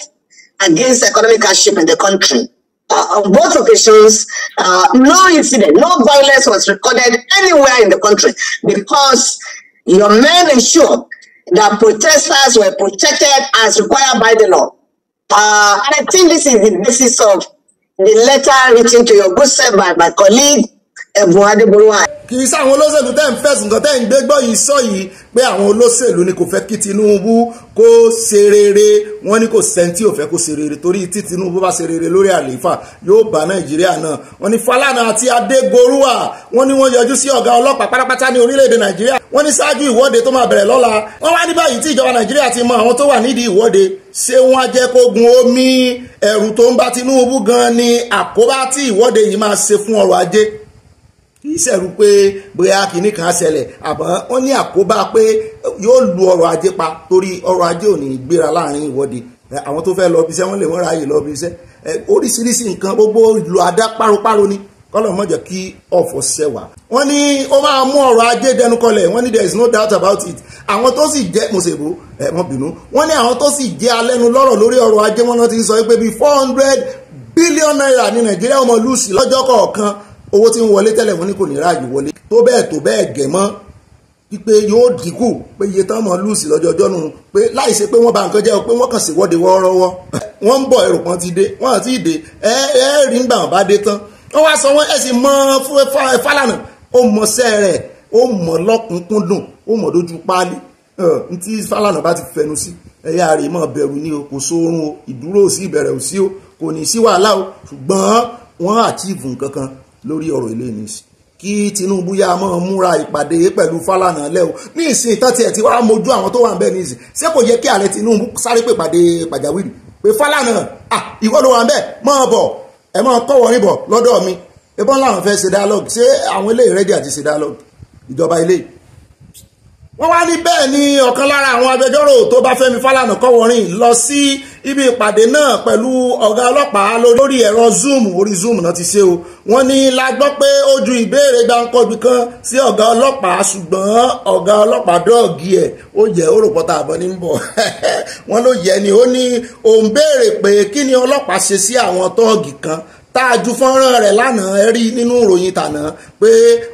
against economic hardship in the country. Uh, on both occasions, uh, no incident, no violence was recorded anywhere in the country because your men ensured that protesters were protected as required by the law. Uh, and I think this is the basis of the letter written to your good self by my colleague ẹ̀bùn adébólúwà. kì í sáwọn olóṣèlú tẹ́ ń fẹ̀sùn kan tẹ́ ń gbé gbọ́ yìí sọ yìí pé àwọn olóṣèlú ni kò fẹ́ kí Tinubu kó ṣe rere wọ́n ní kò sẹ́ni tí ò fẹ́ kó ṣe rere torí tí Tinubu bá ṣe rere lórí àlééfà yóò bá Nàìjíríà náà wọ́n ní Falana àti Adégoruwa wọ́n ní wọ́n yọjú sí ọ̀gá ọlọ́pàá pátápátá ní orílẹ̀-èdè Nàìjíríà wọ́n ní ṣáájú ìwọ́de tó máa bẹ̀rẹ̀ lọ́la wọ́n wá ní báyìí tí ìjọba Nàìjíríà ti mọ àwọn tó wà nídìí ìwọ́de ṣé wọ́n á jẹ́ kógun omi ẹ̀rù tó ń bá Tinubu gan ni àkóbá tí ìwọ́de yìí máa ṣe fún ọrọ̀ ajé kì í ṣẹ̀rú pé bóyá kìíní kan ṣẹlẹ̀ àmọ́ wọ́n ní àkóbá pé yóò lu ọrọ̀ ajé pa torí ọrọ̀ ajé ò ní gbéra láàrin ìwọ́de àwọn tó fẹ́ lọ bí iṣẹ́ wọ́n lè wọ́n ráàyè lọ bí iṣẹ́ oríṣiríṣi nǹkan gbogbo ìlú adá páropáro ni kọ́lọ̀ mọ̀jọ̀ kí ọ̀fọ̀ ṣẹ̀wà. wọ́n ní ó máa mú ọrọ̀ ajé dẹnu kọlẹ̀ wọ́n ní there is no doubt about it àwọn tó sì jẹ́ mọ̀sẹ̀bù ẹ̀ mọ̀ bínú wọ́n ní àwọn tó sì jẹ́ alẹ́nu lọ́rọ̀ lórí ọrọ̀ ajé wọn náà ti sọ pé bíi four hundred billion naira ní nàìjíríà ọmọ lùsì lọ́jọ́ kọ̀ọ̀kan owó tí ń wọlé tẹ́lẹ̀ wọn ni kò ní ráàyè wọlé tó bẹ́ẹ̀ tó bẹ́ẹ̀ gẹ̀ mọ́ pípé yóò dínkù pé iye tán mọ̀ lùsì lọ́jọ́ ọjọ́ nù pé láì ṣe pé wọ́n bà nǹkan jẹ́ o pé wọ́n kàn ṣèwọ́de wọ́ọ́rọ́wọ́ wọ́n ń bọ̀ èrò kan ti dé wọ́n àti ìdè ẹ ẹ rí ń gbà wọ́n bá dé tán wọ́n wá sọ wọ́n ẹ sì mọ Fálànà ó mọ sẹ́ rẹ̀ ó mọ lọ́kùnkúndùn ó mọ dojú páálí ntí Fálànà bá ti fẹnu sí ẹ̀yà rẹ̀ mọ̀ bẹ̀rù ni o kò sórun o ìdúró sí ìbẹ̀rẹ̀ sí o kò ní sí wàhálà o ṣùgbọ́n wọ́n àtìvù nǹkan kan lórí ọ̀rọ̀ ilé ní sí kí Tinubu yá máa múra ìpàdé pẹ̀lú Fálànà lẹ́wọ̀ ní ìsìn tọ́tí ẹ̀ tí wàá mojú àwọn tó wà ń bẹ̀ ní ìsìn ṣé kò yẹ kí ààrẹ Tinubu sáré pè pàdé pàjáwìrì pé Fálànà ah ìwọ ló wà ń bẹ̀ máa bọ̀ ẹ máa kọ́ wọrin bọ̀ lọ́dọ̀ mi ebọ́n làwọn fẹ́ ṣe dialogue ṣé àwọn eléyìí rẹ́dí àti ṣe dialogue ìjọba eléyìí wọ́n wá ní bẹ́ẹ̀ ni ọ̀kan lára àwọn agbẹjọ́rò tó bá fẹ́mi fálànà kọ́wọ́rìn lọ sí ibi ìpàdé náà pẹ̀lú ọ̀gá ọlọ́pàá lórí ẹ̀rọ zoom orí zoom náà ti ṣe o wọ́n ní la gbọ́ pé ó ju ìbéèrè gbáǹkọ́bí kan sí ọ̀gá ọlọ́pàá ṣùgbọ́n ọ̀gá ọlọ́pàá dọ́ọ̀gì ẹ̀ ó jẹ́ òròpọ̀tà àbọ̀ ní bọ̀ *laughs* wọ́n ló yẹ ni ó ní òun béèrè pé kí ni ọlọ́pàá ṣe sí àwọn tọ́ọ̀gì kan tá a ju fọ́nrán rẹ̀ lánàá ẹ rí nínú ìròyìn tàná pé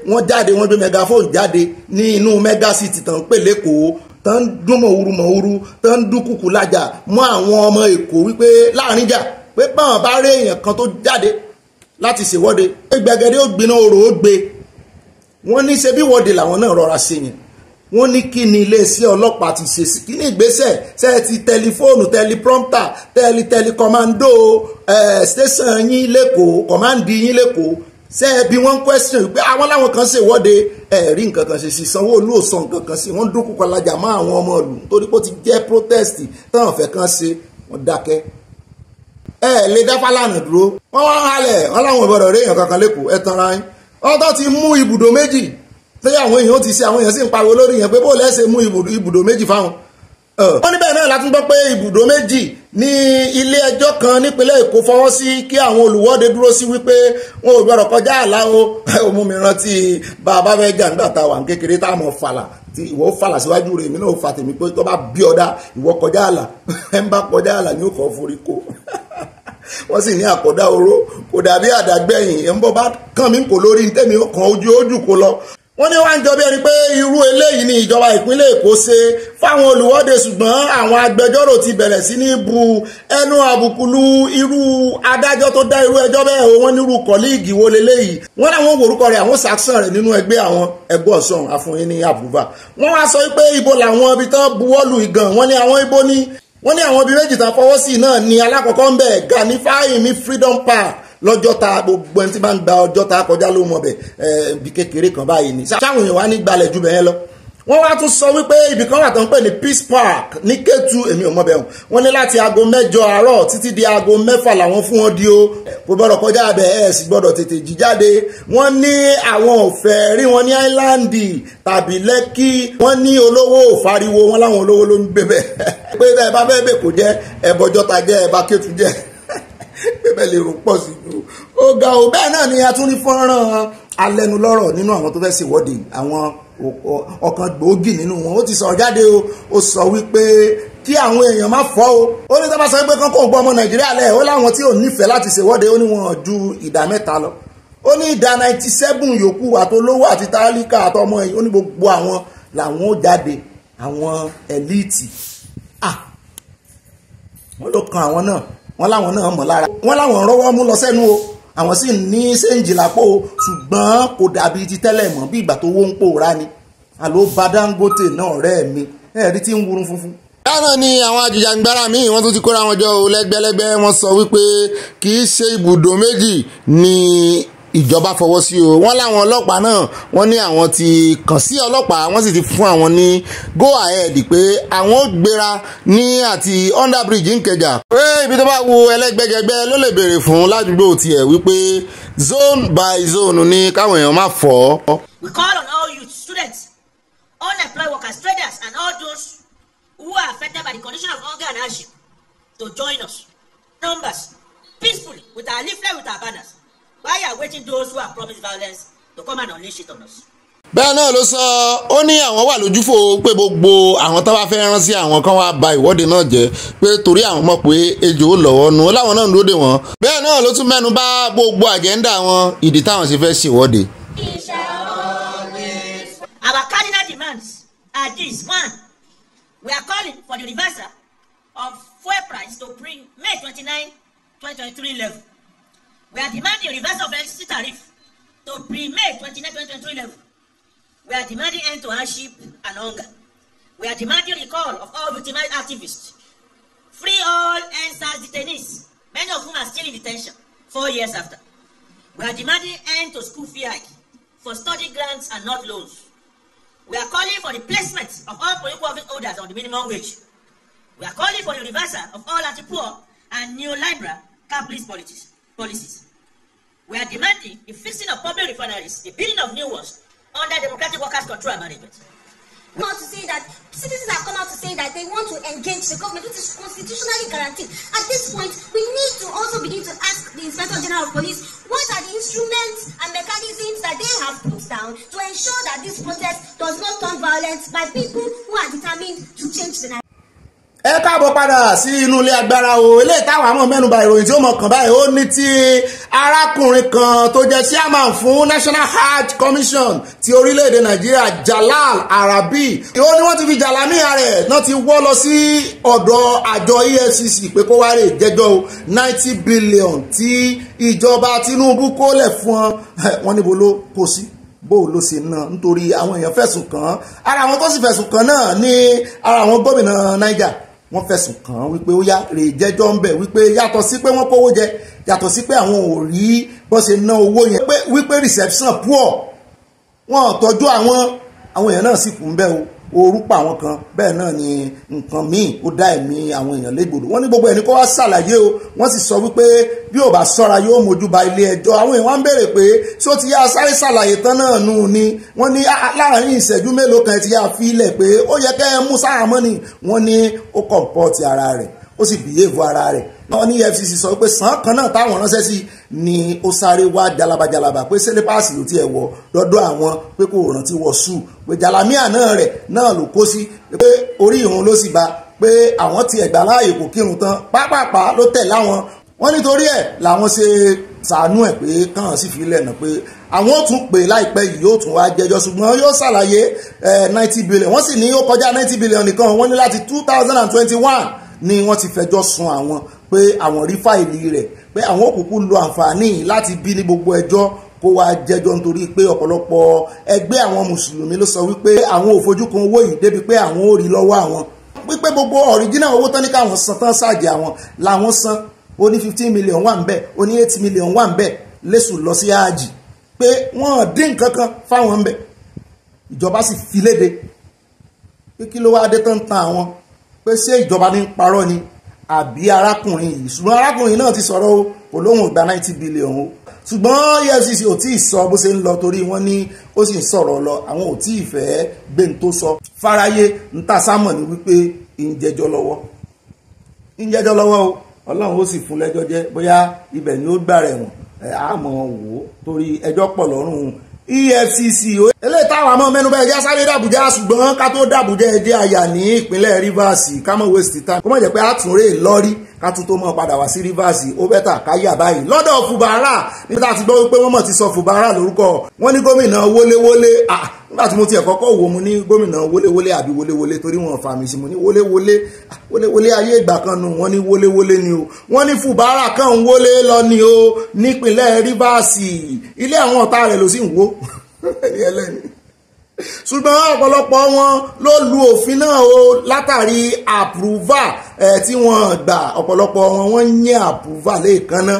wọ́n jáde wọ́n gbé megaphone jáde ní inú megacity tán pè lẹ́kọ̀ọ́ tán dún mọ̀wúrú mọ̀wúrú tán dún kùkù lájà mọ́ àwọn ọmọ èkó wípé láàrin jà pé báwọn bá rí èèyàn kan tó jáde láti ṣèwọ́de pé gbẹgẹdẹ ó gbiná orò ó gbe wọ́n ní ṣe bí wọ́de làwọn náà rọra sí yẹn wọ́n ní kí ni iléeṣẹ́ ọlọ́pàá ti ṣe sí kí ni ìgbésẹ̀ ṣe ti tẹlifóònù tẹliprọ́mptà tẹli tẹlikọ́mándó ṣẹ́sàn yín lẹ́kọ̀ọ́ kọ́mándì yín lẹ́kọ̀ọ́ ṣe bí wọ́n ń question pé àwọn làwọn kan ṣe ìwọ́de ẹ̀rí nǹkan kan ṣe sí sanwó-olú ò san nǹkan kan sí wọ́n dúnkù kọlajà mọ́ àwọn ọmọ ìlú torí pé ó ti jẹ́ protest táwọn fẹ́ kan ṣe wọ́n dákẹ́ ẹ lè dá dúró wọ́n wá pé àwọn èèyàn ti ṣe àwọn èèyàn sì ń pariwo lórí yẹn pé bó lẹ́sẹ̀ mú ibùdó méjì fáwọn. wọ́n níbẹ̀ náà láti gbọ́ pé ibùdó méjì ní ilé ẹjọ́ kan nípínlẹ̀ Èkó fọwọ́ sí kí àwọn olùwọ́de dúró sí wípé wọn ò gbọ́dọ̀ kọjá àlá o *laughs* ó mú mi rántí bàbá fẹ́ jà nígbà tá a wà ní kékeré tá a mọ̀ fàlà tí ìwọ fàlà síwájú rẹ̀ èmi náà fà tèmi pé tó bá bí ọ̀dà ìwọ kọjá àlà *laughs* ẹ̀ ń bá kọjá àlà ni ó kọ́ forí kó *laughs* wọ́n sì ní àkọ́dá oró kò dàbí àdàgbẹ̀yìn ẹ̀ ń bọ́ bá kàn mí kò lórí tẹ́mi ọkàn ojú ojú kò lọ wọ́n ní wá ń jọ bí ẹni pé irú eléyìí ni ìjọba ìpínlẹ̀ èkó ṣe fáwọn olùwọ́de ṣùgbọ́n àwọn agbẹjọ́rò ti bẹ̀rẹ̀ sí ní bu ẹnu àbùkù lu irú adájọ́ tó dá irú ẹjọ́ bẹ́ẹ̀ wọ́n nírú kọ́líìgì wo leléyìí wọ́n láwọn orúkọ rẹ̀ àwọn sàkísàn rẹ̀ nínú ẹgbẹ́ àwọn ẹgbẹ́ ọ̀sán àfọyín ní àbúbà wọ́n wá sọ pé ibo làwọn ibi tán buwọ́lù ìgàn wọ́n ní àwọn ibo ní wọ́n ní àwọn ibi méjì tán fọwọ́ sí náà ní alákọ̀ọ́kọ́ ń bẹ̀ Gani Fáyemí Freedom Park lọ́jọ́ ta gbogbo ẹni tí bá ń gba ọjọ́ ta kọjá ló mọ̀ bẹ̀ ibi kékeré kan báyìí ni sáwọn èèyàn wá ní gbalẹ̀ jù bẹ́ẹ̀ lọ wọ́n wá tún sọ wípé ibìkan wà tó ń pè ní peace park ní Kétu èmi ò mọ̀ bẹ̀ wọ́n wọ́n ní láti aago mẹ́jọ àárọ̀ títí di aago mẹ́fà làwọn fún wọn di o kò gbọ́dọ̀ kọjá abẹ ẹ̀ sì gbọ́dọ̀ tètè jí jáde wọ́n ní àwọn òfẹ́ rí wọn ní áíláńdì tàbí Lẹ́kì wọ́n ní olówó òfariwo wọn láwọn olówó ló ń gbé bẹ́ẹ̀ *laughs* pé bẹ́ẹ̀ bá bẹ́ẹ̀ bẹ́ẹ̀ kò jẹ́ ẹ̀bọ̀jọ́ta jẹ́ ẹ̀bá Kétu jẹ́ bẹ́ẹ̀ lè rò pọ̀ sí i ó ga ò bẹ́ẹ̀ náà ni a tún rí fọ́nrán alẹ́nulọ́rọ̀ nínú àwọn tó fẹ́ ṣèwọ́de àwọn ọ̀kan gbòógì nínú wọn ó ti sọ̀rọ̀ jáde o ó sọ wípé kí àwọn èèyàn má fọ́ o ó ní sábà sọ pé kankan ò gbọ́ ọmọ nàìjíríà lẹ̀ ó láwọn tí ò nífẹ̀ẹ́ láti ṣèwọ́de ó ní wọn ju ìdá mẹ́ta lọ ó ní ìdá ninety seven yòókù àtolówó àti tálíkà àtọmọ ó ní gbogbo àwọn làwọn ó jáde àwọn ẹ̀líìtì ah wọ́n ló kan àwọn náà wọ́n láwọn náà mọ̀ lára wọ́n láwọn rọ́wọ́ mú lọ sẹ́nu o àwọn sì ní séǹjì lápò ṣùgbọ́n kò dàbí ti tẹ́lẹ̀ mọ́ bí ìgbà tó wó ń pòórá ni àló bá Dangote náà ọ̀rẹ́ mi ẹ̀rí tí ń wurun funfun lánàá ni àwọn àjìjàgbara míì wọ́n tún ti kóra wọn jọ lẹ́gbẹ́lẹ́gbẹ́ wọ́n sọ wípé kì í ṣe ibùdó méjì ni ìjọba fọwọ́ sí o wọ́n láwọn ọlọ́pàá náà wọ́n ní àwọn ti kàn sí ọlọ́pàá wọ́n sì ti fún àwọn ní go ahead pé àwọn ó gbéra ní àti under bridge Nkeja ibi tó bá wo ẹlẹ́gbẹ́jẹgbẹ́ ló lè béèrè fún ládùúgbò tiẹ̀ wípé zone by zone ni káwọn èèyàn má fọ́. We call on all youth students unemployed workers traders and all those who are affected by the condition of hunger and hardship to join us numbers peacefully with our leaflet with our banners why are waiting those who are promised violence to come and unleash it on us. bẹ́ẹ̀ náà ló sọ ó ní àwọn wà lójúfò pé gbogbo àwọn tó bá fẹ́ rán sí àwọn kan wá ba ìwọ́de náà jẹ́ pé torí àwọn mọ̀ pé ejò ó lọ́wọ́ nu láwọn náà ń lóde wọn bẹ́ẹ̀ náà ló tún mẹ́nu bá gbogbo àjẹ́ńdà wọn ìdí táwọn sì fẹ́ ṣèwọ́de. our cardinal demands are these one we are calling for the reversal of fuel price to bring May twenty nine twenty twenty three level We are demanding reversal of electricity tariff to pre-May 29, 2023 level. We are demanding end to hardship and hunger. We are demanding recall of all victimized activists. Free all NSAS detainees, many of whom are still in detention four years after. We are demanding end to school fee hike for study grants and not loans. We are calling for the placement of all political office holders on the minimum wage. We are calling for the reversal of all anti-poor and new liberal capitalist policies. We are demanding the fixing of public refineries, the building of new ones under democratic workers' control and management. We want to say that citizens have come out to say that they want to engage the government, which is constitutionally guaranteed. At this point, we need to also begin to ask the Inspector General of Police what are the instruments and mechanisms that they have put down to ensure that this protest does not turn violent by people who are determined to change the ẹ káàbọ̀ padà sí inú ilé agbára o eléyìí táwọn àmọ́ mẹ́nuba ìròyìn tí ó mọ̀ kàn báyìí ó ní ti arákùnrin kan tó jẹ́ chairman fún National Hajj Commission ti orílẹ̀-èdè Nàìjíríà Jalal Arabi ó ní wọ́n ti fi jalamiya rẹ̀ náà ti wọ́ lọ sí ọ̀dọ̀ àjọ EFCC pé kó wá rè jẹ́jọ́ ninety billion tí ìjọba Tinubu kólẹ̀ fún wọn *laughs* níbo ló kó sí bó ló ṣe ná nítorí àwọn èèyàn fẹ̀sùn kàn án ara àwọn tó sì fẹ̀sùn kàn náà ní ara àwọn gómìnà Niger wọ́n fẹ̀sùn kàn án wípé ó yá rè jẹ́jọ́ ń bẹ̀ wípé yàtọ̀ sí pé wọ́n kówó jẹ yàtọ̀ sí pé àwọn ò rí bó ṣe ná owó yẹn wípé reception poor wọn ò tọ́jú àwọn àwọn èèyàn náà sì kù ń bẹ̀ o ooru pa àwọn kan bẹ́ẹ̀ náà ni nǹkan míì ó dá ẹ̀mí àwọn èèyàn légbodò wọ́n ní gbogbo ẹni kó wá ṣàlàyé o wọ́n sì sọ wípé bí ò bá sọ́ra yóò mójú ba ilé ẹjọ́ àwọn èèyàn wá ń béèrè pé tí ó ti yá sáré ṣàlàyé tán náà nù ni wọ́n ní ah, ah, láàrin ìṣẹ́jú mélòó kan ti yá fi ilẹ̀ pé ó yẹ kẹ́ ẹ mú sáà mọ́ni wọ́n ní ó kọ̀ǹpọ̀ọ̀tì ara rẹ̀ ó sì bìlẹ́ẹ̀bù ara rẹ̀ wọ́n ní EFCC sọ pé sàn kan náà táwọn ránṣẹ́ sí ni ó sáré wá jalabajalaba pé sẹ́lẹ̀pàṣì ló tiẹ̀ wọ lọ́dọ̀ àwọn pé kò rántí wọ sùn pé jalamia náà rẹ̀ náà ló kó sí pé orí ìrun ló sì ba pé àwọn ti ẹ̀gbà láàyè kò kírun tán pápápá ló tẹ̀ láwọn wọ́n nítorí ẹ̀ làwọn ṣe sàánú ẹ̀ pé kàn sì fi lẹ́nu pé àwọn ò tún pè láìpẹ́ yìí yóò tún wá jẹjọ́ ṣùgbọ́n yóò ṣàlàyé eh, ninety billion wọ́n sì ní ó kọjá ninety billion nìkan wọ́n ní láti two thousand and twenty one ni wọ́n ti fẹjọ́ sun àwọn pé àwọn rí fáìlì rẹ̀ pé àwọn òkùnkùn lo àǹfààní láti bí ní gbogbo ẹjọ́ kó wá jẹ́jọ́ nítorí pé ọ̀pọ̀lọpọ̀ ẹgbẹ́ àwọn mùsùlùmí ló sọ wípé àwọn ò fojúkan owó yìí débi pé àwọn ò rí lọ́wọ́ àwọn wípé gbogbo ọ̀ríjínà owó tán ní káwọn san tán ṣáàjì àwọn làwọn san ó ní fifteen million wà ń bẹ̀ ó ní eight million wà ń bẹ̀ lẹ́sùn lọ sí ààjì pé wọ́n dín nǹkan kan fáwọn ń bẹ̀ ìjọba sì fi léde pé kí ló wá dé tán tan àwọn pé ṣé ìjọba ní parọ́ ni àbí arákùnrin yìí ṣùgbọ́n arákùnrin náà ti sọ̀rọ̀ o kò lóhùn gba ninety billion o ṣùgbọ́n EFCC ò tí ì sọ bó ṣe ń lọ torí wọ́n ní ó sì ń sọ̀rọ̀ lọ àwọn ò tí ì fẹ́ gbé ní tó sọ fáráyé ń ta sámọ̀ ní wípé ń jẹjọ́ lọ́wọ́ ń jẹjọ́ lọ́wọ́ o ọlọ́run ó sì fún lẹ́jọ́ jẹ́ bóyá ibẹ̀ ni ó gbà rẹ̀ wọ̀n àmọ́ wò ó torí ẹjọ́ pọ̀ lọ́rùn EFCC eléyìí táwọn àmọ́ mẹ́nubà ẹja sáré dàbújá ṣùgbọ́n ká tó dàbújá ẹdẹ àyà ní ìpínlẹ̀ Rivers ká má waste time kó má jẹ́ pé àtúnrè lọ́rí ká tún tó mọ̀ padà wá sí Rivers ó bẹ́tà káyà báyìí lọ́dọ̀ Fubara níbi tá a ti gbọ́ wípé wọ́n mọ̀ ti sọ Fubara lórúkọ wọ́n ní gómìnà wọléwọlé nígbà tí mo tiẹ̀ kọ́kọ́ wo mu ní gómìnà wọléwọlé àbí wọléwọlé torí wọn fà mí sí mo ní wọléwọlé wọléwọlé ayé ìgbà kan nù wọ́n ní wọléwọlé ni o wọ́n ní Fubara kan ń wọlé lọ ni o nípínlẹ̀ Rivers ilé àwọn ọ̀tá rẹ̀ ló sì ń wó *laughs* ẹni ẹlẹ́ni ṣùgbọ́n ọ̀pọ̀lọpọ̀ wọn ló lu òfin náà o látàrí àpùrúvà tí wọ́n gbà ọ̀pọ̀lọpọ̀ wọn wọ́n ń yẹ àpùrúvà lẹ́ẹ̀kanná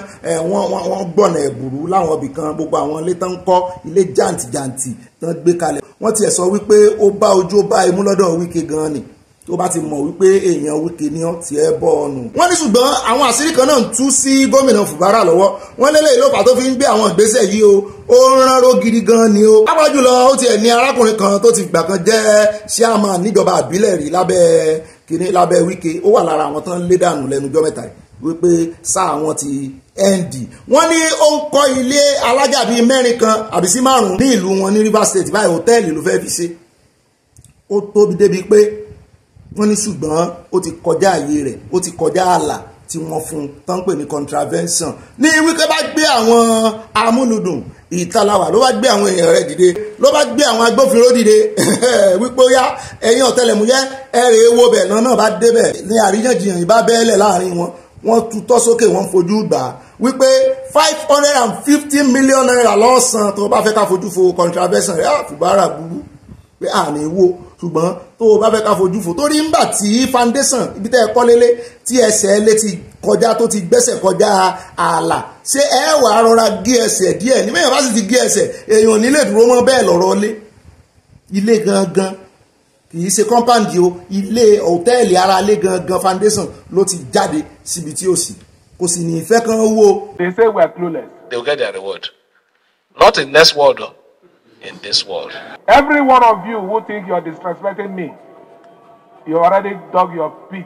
wọ́n gbọ̀nà ẹ̀bùrú láwọn ibì kan gbogbo àwọn ilé tán ń kọ́ ilé jàǹtìjàǹtì tán gbé kalẹ̀ wọ́n tiẹ̀ sọ wípé ó bá ojú ó bá imú lọ́dọ̀ Wike gan ni tó bá ti mọ̀ wípé èèyàn wíkẹ́ ni ọ́ ti ẹ́ bọ́ ọ̀nù. wọ́n ní ṣùgbọ́n àwọn àṣírí kan náà ń tú sí gómìnà Fubara lọ́wọ́ wọ́n lélẹ̀ ìlọ́pàá tó fi ń gbé àwọn ìgbésẹ̀ yìí o ó ń ránró gidi gan ni o. pápá jùlọ ó tiẹ̀ ní arákùnrin kan tó ti gbà kan jẹ́ chairman níjọba àbílẹ̀ rí lábẹ́ kínní lábẹ́ wíkẹ́ ó wà lára àwọn tán lé dànù lẹ́nu jọ́ mẹ́ta yìí wípé sáà wọn ti nd wọ́n ní ó ń kọ́ ilé alájà bíi mẹ́rin kan àbí sí márùn-ún ní ìlú wọn ní Rivers State báyìí hòtẹ́ẹ̀lì ló fẹ́ fi ṣe ó tóbi débi pé wọ́n ní ṣùgbọ́n ó ti kọjá àyè rẹ̀ ó ti kọjá ààlà tí wọ́n fún un tán pè ní contravention ní wíkẹ́ bá gbé àwọn amúlùdùn ìtaláwà ló bá gbé àwọn èèyàn rẹ̀ dìde ló bá gbé àwọn agbófinró dìde *laughs* wípé ó yá ẹ̀yin ọ̀tẹlẹ̀múyẹ́ ẹ̀rẹ̀ ewo bẹ̀ náà náà bá débẹ̀ ní àríyànjiyàn ìbá bẹ́ẹ̀lẹ̀ láàrin wọn wọ́n tutọ́ sókè wọ́n fojú gbà á wípé five hundred and fifty million naira lọ́sàn-án tó bá fẹ́ ká fojú fo contravention rẹ̀ àfùbárà ah, búburú pé àmì wo ṣùgbọ́n tó o bá fẹ́ ká fojú fò torí ńgbà tí foundation ibi tẹ́ ẹ kọ́ lélé tí ẹsẹ̀ ẹ lé ti kọjá tó ti gbẹ́sẹ̀ kọjá ààlà ṣé ẹ wà á rọra gé ẹsẹ̀ díẹ̀ ní mẹ́yàn bá sì ti gé ẹsẹ̀ èèyàn nílé dúró mọ́ bẹ́ẹ̀ lọ́rọ́ lé ilé gangan kì í ṣe kọ́ńpáǹdì o ilé hòtẹ́ẹ̀lì ara ilé gangan foundation ló ti jáde síbi tí ó sì kò sì ní ìfẹ́ kan wó. they say we are clueless. they will get their reward not in next world. Though. in this world. Every one of you who think you are disrespecting me, you already dug your pit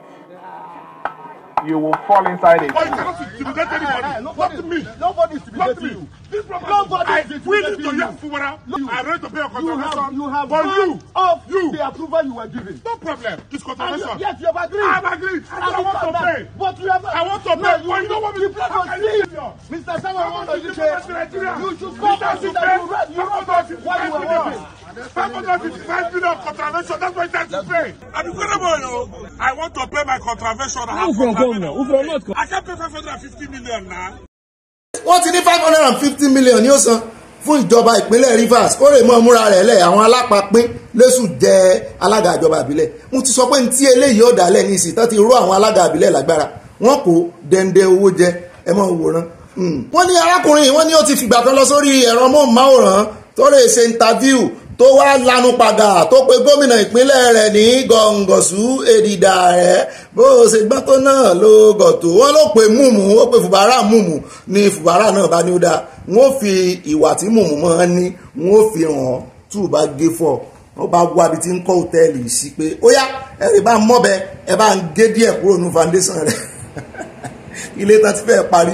you will fall inside it. Nobody cannot intimidate anybody. Not me. Nobody is intimidates you. This problem. Nobody I will to your funeral. I ready to pay your contribution. You have but you of you the approval you were given. No problem. It's contribution. Yes, you have agreed. I have agreed. And I want to pay. But you have. I want to pay. But you don't want me to pay. Mr. Sango, I want to pay. You should come and see that you read. You read what you were given five hundred fifty-five billion contravention. That's why it's time to pay. I'm incredible, you know. I want to pay my contravention. Who from come now? Who from not come? I can't pay five hundred and fifty million now. Wọ́n ti ní five hundred and fifty million ní ó san fún ìjọba ìpínlẹ̀ Rivers kó lè mọ múra rẹ̀ lẹ̀ àwọn alápapín lẹ́sù jẹ́ alága ìjọba àbílẹ̀ mo ti sọ pé ní tí eléyìí ọ̀dà lẹ̀ ní ìsìn tán ti ró àwọn alága àbílẹ̀ lágbára wọn kò dẹ̀ǹdẹ̀ owó jẹ ẹ mọ̀ wòran hmm. wọ́n ní arákùnrin wọ́n ní ó ti fìgbà kan lọ sórí ẹ̀rọ mọ́ọ̀máwòrán tó lè ṣe interview tó wá lanu padà tó pe gómìnà ìpínlẹ̀ rẹ̀ ní gọ̀ǹgọ̀sù èdìdà rẹ̀ bó o ṣe gbọ́n tó náà ló gọ̀tò wọ́n ló pe mùmù ó pe fùbárà mùmù ni fùbárà náà bá ní ó dáa wọ́n fi ìwà tí mùmù máa ń ní wọ́n fi hàn án tí ò bá gé fọ́ ó bá wá ibi tí ń kọ́ òtẹ́ẹ̀lì sí pé ó yá ẹ lè bá mọ́bẹ ẹ bá ń gé díẹ̀ kúrò ní foundation rẹ̀ *laughs* ilé tán ti fẹ́ parí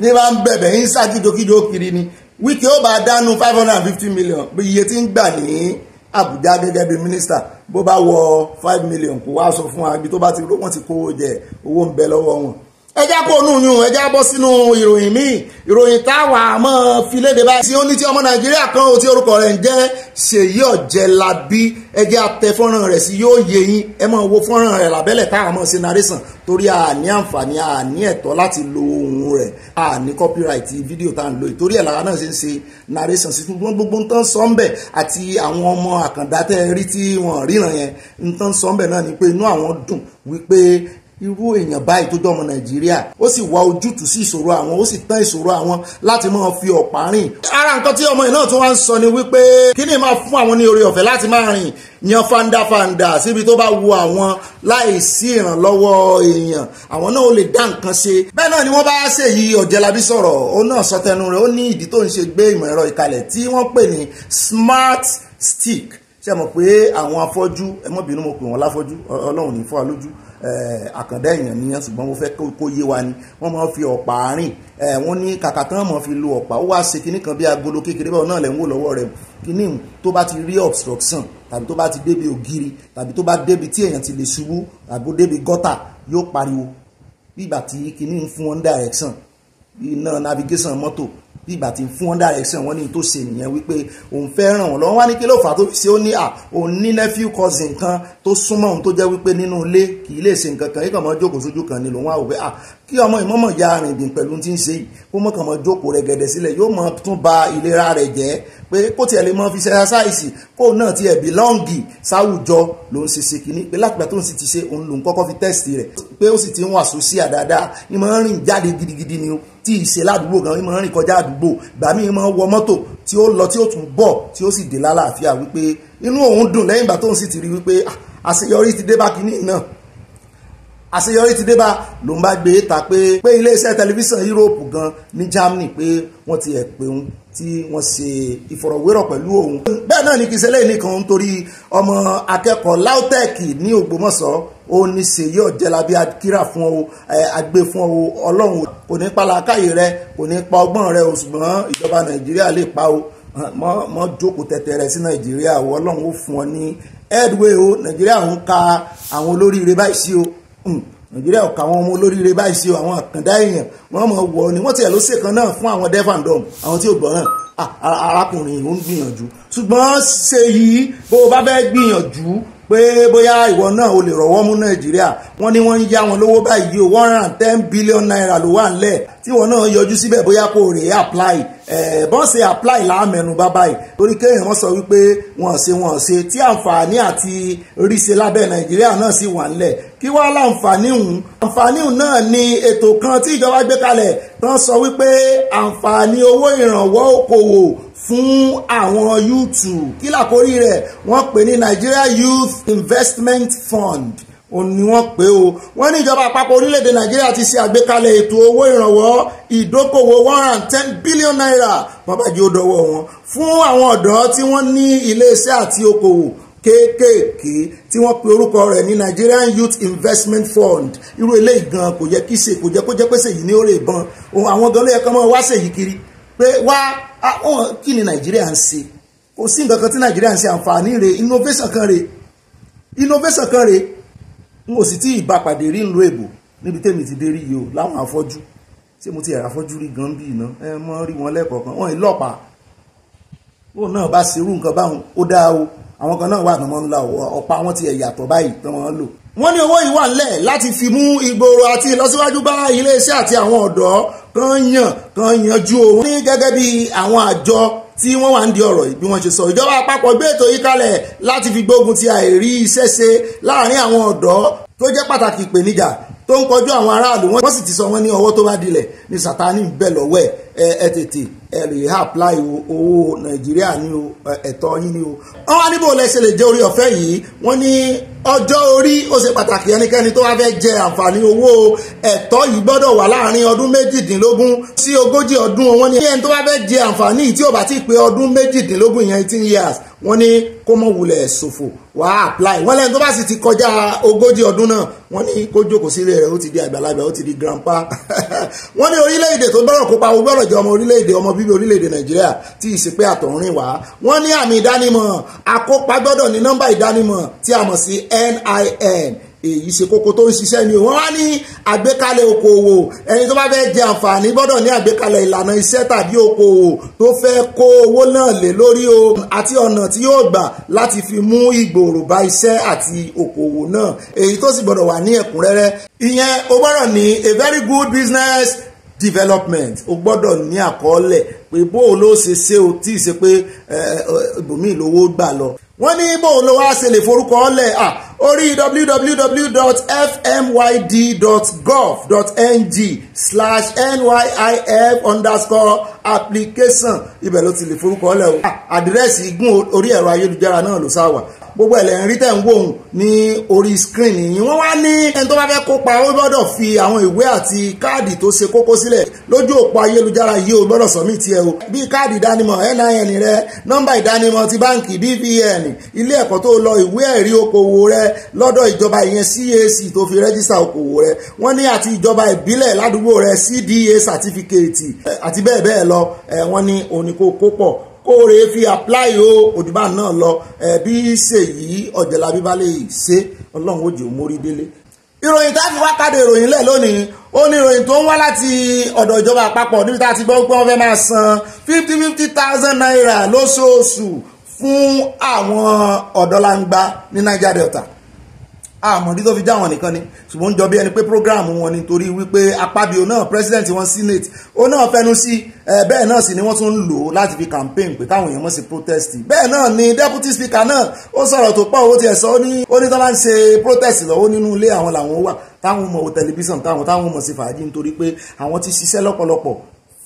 ní bá ń bẹ̀bẹ̀ ń ṣáájú kiri ni Wike ó bá dánú five hundred and fifty million bí iye tí ń gbà ní Àbújá gẹ́gẹ́ bí mínísítà bó bá wọ five million kó wá sọ fún wa ibi tó bá ti rówó ti kówó jẹ owó ń bẹ lọ́wọ́ wọn ẹjá kó onú yún ẹjá bọ́ sínú ìròyìn míì ìròyìn táwa àmọ́ fi léde báyìí tí ó ní tí ọmọ nàìjíríà kan ò tí orúkọ rẹ̀ ń jẹ́ ṣèyí ọ̀jẹ̀lábí ẹjẹ́ àtẹ fọ́nrán rẹ̀ sí yóò yé yín ẹ máa wo fọ́nrán rẹ̀ lábẹ́lẹ̀ táwa mọ̀ sí narration torí àní àǹfààní àní ẹ̀tọ́ láti lo ohun rẹ̀ àní copyright fídíò tá à ń lò yìí torí ẹ̀ làwa náà ṣe ń ṣe narration sí fún gbogbo ń tán sọ́ńbẹ̀ àti àwọn ọmọ àkàndá tẹ́ rí tí wọ́n ríran yẹn ń tán sọ́ńbẹ̀ náà ni pé inú àwọn dùn wípé irú èèyàn báyìí tó jọmọ nàìjíríà ó sì wá ojútùú sí ìṣòro àwọn ó sì tán ìṣòro àwọn láti máa fi ọ̀pá rìn. ara nǹkan tí ọmọ yìí náà tún wá ń sọ ni wípé kí ni máa fún àwọn ní oore ọ̀fẹ́ láti máa rìn yan fandafanda síbi tó bá wu àwọn láì sí ìrànlọ́wọ́ èèyàn àwọn náà ó lè dá nǹkan ṣe. bẹ́ẹ̀ náà ni wọ́n bá ṣèyí ọ̀jẹ̀lábí sọ̀rọ̀ ó náà sọ tẹnu rẹ̀ ó ní ìdí tó ń ṣe gbé ìmọ̀ ẹ̀rọ ìkalẹ̀ tí wọ́n pè ní smart stick ṣe mọ̀ pé àwọn afọ́jú ẹ mọ̀ bínú mo pè wọ́n láfọ́jú ọlọ́run ní fọ́ alójú Eh, àkàndá èèyàn nìyẹn ṣùgbọ́n mo fẹ́ kó yé wa ni wọ́n máa fi ọ̀pá àárín eh, wọ́n ní kàkà tán mọ̀ fi lo ọ̀pá ó wá ṣe kinní kan bí agolo kékeré báwọn náà lẹ̀ ń wò lọ́wọ́ rẹ̀ kinní tó bá ti rí obstruction tàbí tó bá ti débi ògiri tàbí tó bá débi tí èèyàn ti lè ṣubú tàbí débi gọ́tà yóò pariwo bí ìgbà tí kinní ń fún wọn direction iná navigation mọ́tò bí ìgbà tí ń fún wọn direction wọn ní tó ṣe nìyẹn wípé òun fẹ́ ràn wọ́n lọ́wọ́ wá ní kí ló fà á tó fi ṣe ó ní à òun ní nephew cousin kan tó súnmọ́ òun tó jẹ́ wípé nínú ilé kì í lè ṣe nǹkan kan ìkànnì jókòó sójú kan ni lòun wá òwe à kí ọmọ ìmọ̀mọ̀ ya arìnrìn pẹ̀lú ti ń ṣe yìí kó mọ̀ kàn mọ́ jókòó rẹ̀ gẹ̀dẹ̀ sílẹ̀ yóò mọ̀ tún ba ìlera rẹ̀ jẹ́ pé kó tiẹ̀ lè mọ́ fi ṣẹ́ṣáìsì kó náà tiẹ̀ bìlọ́ǹgì sáwùjọ ló ń ṣe ṣe kínní pé látìgbà tó ń sì ti ṣe òun lòun kọ́kọ́ fi tẹ́sítì rẹ̀ pé ó sì ti ń wà sósíà dáadáa ìmọ̀ ń rìn jáde gidigidi ni o tí ìṣe ládùúgbò gan mímọ rìn kọjá àdúgbò gbà mí mọ wọ mọ́tò tí ó lọ tí ó tún bọ̀ tí ó sì dé lálàáfíà wípé inú òun dùn lẹ́yìn ìgbà tóun sì ti rí wípé ah, àṣeyọrí ti dé bá kínní náà àṣeyọrí ti dé bá ló ń bá gbé ta pé pé iléeṣẹ́ tẹlifíṣàn yúróòpù gan ní germany pé wọ́n ti ẹ̀ pé òun tí wọ́n ṣe ìfọ̀rọ̀wérọ̀ pẹ̀lú òun. bẹ́ẹ̀ náà ni kìí ṣẹlẹ̀ nìkan nítorí ọmọ akẹ́kọ̀ọ́ lautech ní Ògbómọ̀ṣọ́ ó ní ṣe yóò jẹ́la bí akíra fún ọ agbé fún ọ ọlọ́run kò ní pa làákàyè rẹ kò ní pa ọgbọ́n rẹ o ṣùgbọ́n ìjọba nàìjíríà lè pa o mọ́ jókòó tẹ̀tẹ̀ rẹ sí nàìjíríà o ọlọ́run ó fún ọ ní headway o nàìjíríà ń ka àwọn olóríire báyìí sí o hmm, nàìjíríà ọ̀ka àwọn ọmọ olóríire báyìí sí o àwọn àkàndá èèyàn wọ́n mọ̀ wọ́ ni wọ́n tiẹ̀ ló ṣèkan náà fún àwọn defandom àwọn tí ò gbọ́ràn ah, arákùnrin ò ń gbìyànjú ṣùgbọ́n ṣe yìí bó o bá fẹ́ gbìyànjú pé bóyá ìwọ náà o lè rọ̀wọ́ mú nàìjíríà wọ́n ní wọ́n ń yá wọn lówó báyìí o one hundred and ten billion naira ló wà nílẹ̀ tí ìwọ náà yọjú síbẹ̀ bóyá kò rè é apply bọ́n ṣe apply láàmẹ́nu bàbá yìí torí kéèyàn wọ́n sọ wípé wọ́n ṣe wọ́n ṣe tí àǹfààní àti ríṣe lábẹ́ nàìjíríà náà sì wà nílẹ̀ kí wá láǹfààní hùn àǹfààní hùn náà ni ètò kan tí ìjọba gbé kalẹ̀ tán sọ wípé àǹfààní owó ìrànwọ́ okòwò fún àwọn yúùtù kí làkórí rẹ̀ wọ́n pè ní Nigeria Youth Investment Fund òun ni wọ́n pè ó wọ́n ní ìjọba àpapọ̀ orílẹ̀-èdè Nàìjíríà ti ṣe àgbékalẹ̀ ètò owó ìrànwọ́ ìdókòwò one and ten billion naira babaji ó dọwọ́ wọn fún àwọn ọ̀dọ́ tí wọ́n ní iléeṣẹ́ àti okòwò kéékèèké tí wọ́n pe orúkọ rẹ̀ ní Nigerian Youth Investment Fund irú eléyìí gan kò yẹ kí ṣe kò jẹ́ kó jẹ́ pèsè yìí ní òrè ìbọn àwọn gan ló yẹ kó máa wá ṣèyí kiri pé wá kí ni nàìjíríà ń ṣe kò sí nǹkan kan tí nàìjíríà ń ṣe àǹfààní rè innovation kan rè innovation kan rè n ò sì tí ì bá pàdé rí ńlò èbò níbi tèmi ti dé rí yìí o láwọn afọ́jú ṣé mo ti ẹ̀rọ afọ́jú rí gan bí iná ẹ mọ́ rí wọn lẹ́ẹ̀kọ̀ọ̀kan wọ́n ìlọ́pàá bóun náà bá ṣerú nǹkan báwọn ó dáa o àwọn kan náà wà ní wọn ọ̀pá wọn ti yàtọ̀ báyìí tí wọ́n lò wọ́n ní owó yìí wà nílẹ̀ láti fi mú ìgbòòrò àti ìlọsíwájú bá iléeṣẹ́ àti àwọn ọ̀dọ́ kan yàn kan yanjú òun. ní gẹ́gẹ́ bí àwọn àjọ tí wọ́n wà ń di ọ̀rọ̀ bí wọ́n ṣe sọ ìjọba àpapọ̀ gbé ètò yìí kalẹ̀ láti fi gbógun ti àìrí iṣẹ́ ṣe láàrin àwọn ọ̀dọ́ tó jẹ́ pàtàkì ìpèníjà tó ń kọjú àwọn aráàlú wọ́n sì ti sọ wọ́n ní ọwọ́ tó bá dilẹ̀ ní Sátánì bẹ́ẹ̀ lọ́wọ́ ẹ̀ ẹ̀ tètè ẹ̀rì apply owó nàìjíríà ní o ẹ̀tọ́ yín ní o. wọ́n wá níbo lẹ́sẹ̀ lè jẹ́ orí ọ̀fẹ́ yìí wọ́n ní ọjọ́ orí ó ṣe pàtàkì ẹnikẹ́ni tó wá fẹ́ jẹ àǹfààní owó ẹ̀tọ́ yìí gbọ́dọ̀ wà láàrin ọdún méjìdínlógún sí ogójì ọdún wọn ní ẹni tó wá fẹ́ jẹ àǹfààní yìí tí ò bá ti pé ọdún méjìdínlógún ìyẹn eighteen years wọ́n ní kó mọ̀ wulẹ̀ ṣòfò wà á apply wọ́n lẹ́nu tó bá sì ti kọjá ogójì ọdún náà wọ́n ní kó jókòó sílé rẹ̀ ó ti di àgbàlagbà ó ti di grandpa *laughs* wọ́n ní orílẹ̀-èdè tó gbọ́dọ̀ kópa ó gbọ́dọ̀ jẹ́ ọmọ orílẹ̀-èdè ọmọ b bíbí orílẹ̀-èdè nàìjíríà tí ìṣepẹ́ àtọ̀rìn wá wọ́n ní àmì ìdánimọ̀ akópa gbọ́dọ̀ ní nọ́mbà ìdánimọ̀ tí a mọ̀ sí NIN èyí ṣe kókó tó ń ṣiṣẹ́ ni wọ́n wá ní àgbékalẹ̀ okòòwò ẹni tó bá fẹ́ jẹ àǹfààní gbọ́dọ̀ ní àgbékalẹ̀ ìlànà iṣẹ́ tàbí okòòwò tó fẹ́ kó owó náà lé lórí o àti ọ̀nà tí yóò gbà láti fi mú ìgbòòrò bá iṣẹ́ àti okòòwò náà èyí tó sì gbọ́dọ̀ wà ní ẹ̀kúnrẹ́rẹ́ ìyẹn o gbọ́dọ̀ ní a very good business development o gbọ́dọ̀ ní àkọọ́lẹ̀ pé bóun ló ṣe ṣe o tí ì ṣe pé ibòmíì lówó gbà lọ. wọ́n ní bóun ló wá ṣe lè forúkọ ọ́lẹ̀ orí www.fmyd.gov.ng slash nyif underscore application ibẹ̀ ló ti lè forúkọ ọ́lẹ̀ o. àdírẹ́sì igun orí ẹ̀rọ ayélujára náà ló sá wà gbogbo ẹ̀lẹ́ ń rí tẹ̀ ń wò ó ní orí screen yìí wọ́n wá ní ẹni tó bá fẹ́ kópa ó gbọ́dọ̀ fi àwọn ìwé àti káàdì tó ṣe kókó sílẹ̀ lójú òpó ayélujára yìí ó gbọ́dọ̀ sọ̀mí tiẹ̀ o bí káàdì ìdánimọ̀ NIN rẹ nọ́mbà ìdánimọ̀ ti báǹkì BVN ilé ẹ̀kọ́ tó lọ ìwé ẹ̀rí okòwò rẹ lọ́dọ̀ ìjọba ìyẹn CAC tó fi rẹ́jísà okòwò rẹ wọ́n ní àti ìjọba ìbílẹ̀ ládùúgbò rẹ CDA certificate àti bẹ́ẹ̀ bẹ́ẹ̀ lọ wọ́n ní òní kó kó pọ̀ kóore fi apply o òdìbà náà lọ ẹbí ṣèyí ọ̀jẹ̀lábí bá lè ṣe ọlọ́run ó jẹ́ mórí délé ìròyìn tá a fi wá kádé ìròyìn lẹ̀ lónìí ó ní ìròyìn tó ń wá láti ọ̀dọ̀ ìjọba àpapọ̀ níbi tá a ti gbọ́ pé wọ́n fẹ́ máa san fifty fifty thousand naira lóṣooṣù fún àwọn ọ̀dọ́langba ní Niger Delta àmọ̀dí tó fi já wọn nìkan ni ṣùgbọ́n ń jọ bí ẹni pé program wọn ni torí wípé apábíò náà president wọn senate ó náà fẹnu sí bẹ́ẹ̀ náà sì ni wọ́n tún ń lò ó láti fi campaign pé káwọn èèyàn mọ̀ sí protest bẹ́ẹ̀ náà ni deputy speaker náà ó sọ̀rọ̀ tó pọ̀ owó tiẹ̀ sọ ó ní ó ní tó máa ń ṣe protest lọ́wọ́ nínú ilé àwọn làwọn wà táwọn mọ̀ wo tẹlifíṣàn táwọn táwọn mọ̀ sí fàájì nítorí pé àwọn ti ṣiṣẹ́ lọ́pọ̀lọpọ̀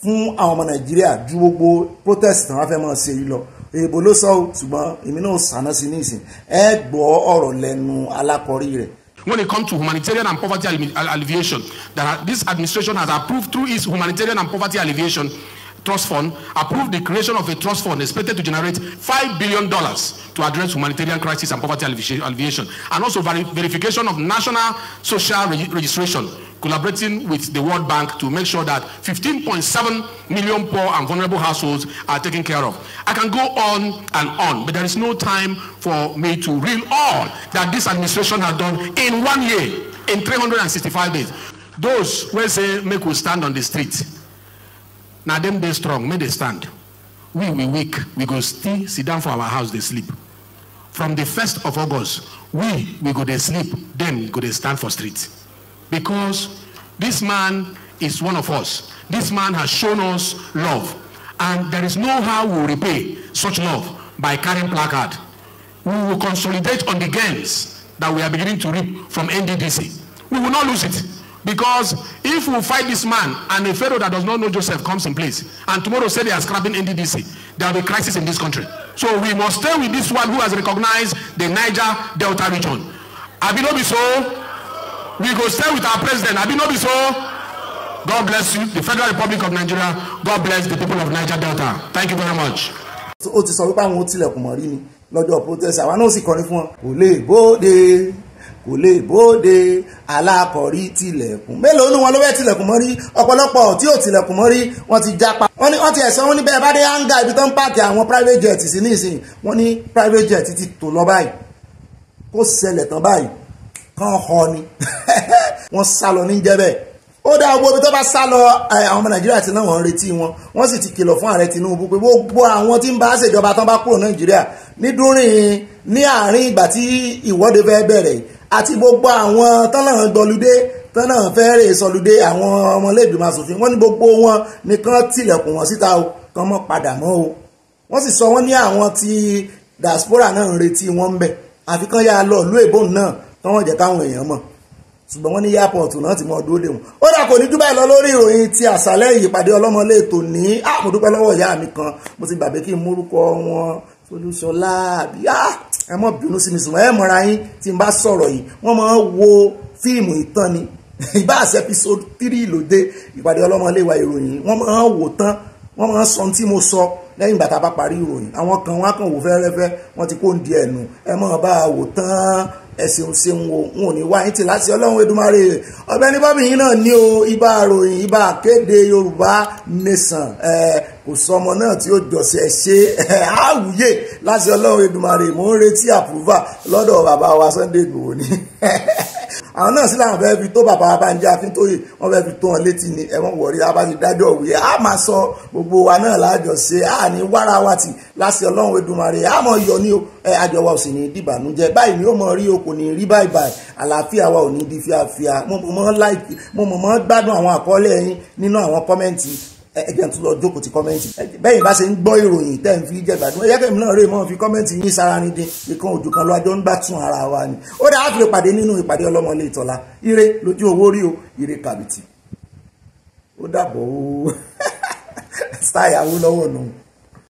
fún àwọn ọmọ nàìjíríà ju gbogbo protest tí wọ́n fẹ́ mọ̀ ṣe yìí lọ èèbò ló sọ ṣùgbọ́n èmi náà sànà sí ní ẹ gbọ́ ọ̀rọ̀ lẹ́nu alákọ̀rí rẹ̀. When it comes to humanitarian and poverty alleviation, that this administration has approved through its humanitarian and poverty alleviation trust fund, approved the creation of a trust fund expected to generate five billion dollars to address humanitarian crisis and poverty alleviation, and also verification of national social registration collaborating with the World Bank to make sure that 15.7 million poor and vulnerable households are taken care of. I can go on and on, but there is no time for me to reel all that this administration has done in one year, in 365 days. Those who say, make we stand on the street, now them they strong, may they stand. We, we weak, we go still sit down for our house, they sleep. From the 1st of August, we, we go they sleep, then go they stand for streets because this man is one of us. This man has shown us love. And there is no how we repay such love by carrying placard. We will consolidate on the gains that we are beginning to reap from NDDC. We will not lose it. Because if we fight this man and a fellow that does not know Joseph comes in place, and tomorrow say they are scrapping NDDC, there will be crisis in this country. So we must stay with this one who has recognized the Niger Delta region. Abinobi so, we go stay with our president abi no be so god bless you the federal republic of nigeria god bless the people of niger delta thank you very much. ó ti sọ wípé àwọn ó tilẹ̀kùn mọ́ rí ni lọ́jọ́ protest àwọn náà sì kọrin fún wọn kò lè bóde kò lè bóde alákọ̀rí tilẹ̀kùn mélòó ni wọn ló fẹ́ tilẹ̀kùn mọ́ rí ọ̀pọ̀lọpọ̀ tí ò tilẹ̀kùn mọ́ rí wọ́n ti japa wọ́n ní wọ́n ti ẹ̀sán wọn ní bẹ́ẹ̀ bá dé hanga ibi tó ń pààkì àwọn private jet sí nísìnyí wọ́n ní private jet ti tò lọ báyìí kó ṣẹlẹ̀ tán báyìí kán họ ni *laughs* wọ́n sá lọ ní jẹ́bẹ̀ ó dá gbogbo ibi tó bá sá lọ àwọn ọmọ nàìjíríà ti náà wọ́n ń retí wọn wọ́n sì ti kìlọ̀ fún ààrẹ tinubu pé gbogbo àwọn tí ń bá ṣèjọba tán bá kúrò nàìjíríà nídúrín ní àárín ìgbà tí ìwọ́de fẹ́ bẹ̀rẹ̀ àti gbogbo àwọn tán náà gbọ́ludé tán náà fẹ́ rè sọludé àwọn ọmọlẹ́gbẹ̀mọ asòfin wọ́n ní gbogbo wọn nìkan tilẹ̀kùn wọn síta o kán mọ́ padà mọ́ o wọ́n sì sọ wọ́n ní àwọn ti diaspora náà ń retí wọn ń bẹ̀ àfikán yà lọ ìlú èbó náà tọ́wọ́n jẹ́ káwọn èèyàn mọ̀ ṣùgbọ́n wọ́n ní airport náà ti mọ dúró dè ó dà kò ní jù báyìí lọ lórí ìròyìn ti àṣálẹ́ ìyípadé ọlọ́mọlé ètò ní àmọ̀dúpẹ́ lọ́wọ́ ìyá mi kan mo ti gbàgbé kí n mórúkọ wọn Olúṣọlá àbí ẹ mọ̀ bínú sí mi ṣùgbọ́n ẹ mọ̀ra yín tí n bá sọ̀rọ̀ yìí wọ́n máa wo fíìmù ìtàn ni *laughs* ìbá àṣẹ episode three lòdè ìpàdé ọlọ́mọlé wa ìròyìn wọ́n máa wò tán wọ́n máa sọ ohun tí mo sọ lẹ́yìn ìgbà tá a bá parí ìròyìn àwọn kan wọn á kàn wò fẹ́rẹ́fẹ́ wọ́n ti kó ń di ẹ̀nu ẹ mọ̀ bá a wò tán ẹ̀sìn ṣeun o wọn ò ní wá yín ti láti ọlọ́run Èdùmàrè Ọ̀gbẹ́ni Bobby yín náà ní o ibà àròyìn ibà àkéde Yorùbá Nation ẹ kò sọmọ náà tí ó jọ̀sẹ̀ ṣe ẹ àwùyè láti ọlọ́run Èdùmàrè mò ń retí àpúrúfà lọ́dọ̀ bàbá wa Sunday Igboho ni. *laughs* àwọn náà sí làwọn fẹ́ẹ́ fi tó bàbá Babánjí Akíntóyè wọ́n fẹ́ẹ́ fi tó wọn létí ni ẹ̀wọ̀n wọ̀rí abájú dájọ́ òwe a máa sọ gbogbo wa náà láàjọ ṣe a ní wára wa tì láti ọlọ́run Èdùmàrè a mọ̀ yọ ní àjọ wa ò sì ní dìbànújẹ́ báyìí ni ó mọ̀ rí o kò ní rí báyìí báyìí àlàáfíà wa ò ní di fíafíà mo mọ̀ gbádùn àwọn àkọọ́lẹ̀ yín nínú àwọn kọ́mẹ́ǹtì ẹgbẹ́ tó lọ jókòó ti kọ́mẹ́ǹtì bẹ́yìn bá ṣe ń gbọ́ ìròyìn tẹ́ ń fi jẹ̀gbádùn ẹ̀yẹ́ kẹ́mi náà rèé mọ́ fi kọ́mẹ́ǹtì yín sára ní dín ìkan òjò kan lọ́jọ́ ń bá tún ara wa ni ó dáa á fi lè pàdé nínú ìpàdé ọlọ́mọ ilé ìtọ́lá ire lójú owó rí o ire kàbìtì ó dàbọ̀ ó *laughs* sáyàwó lọ́wọ́ nù.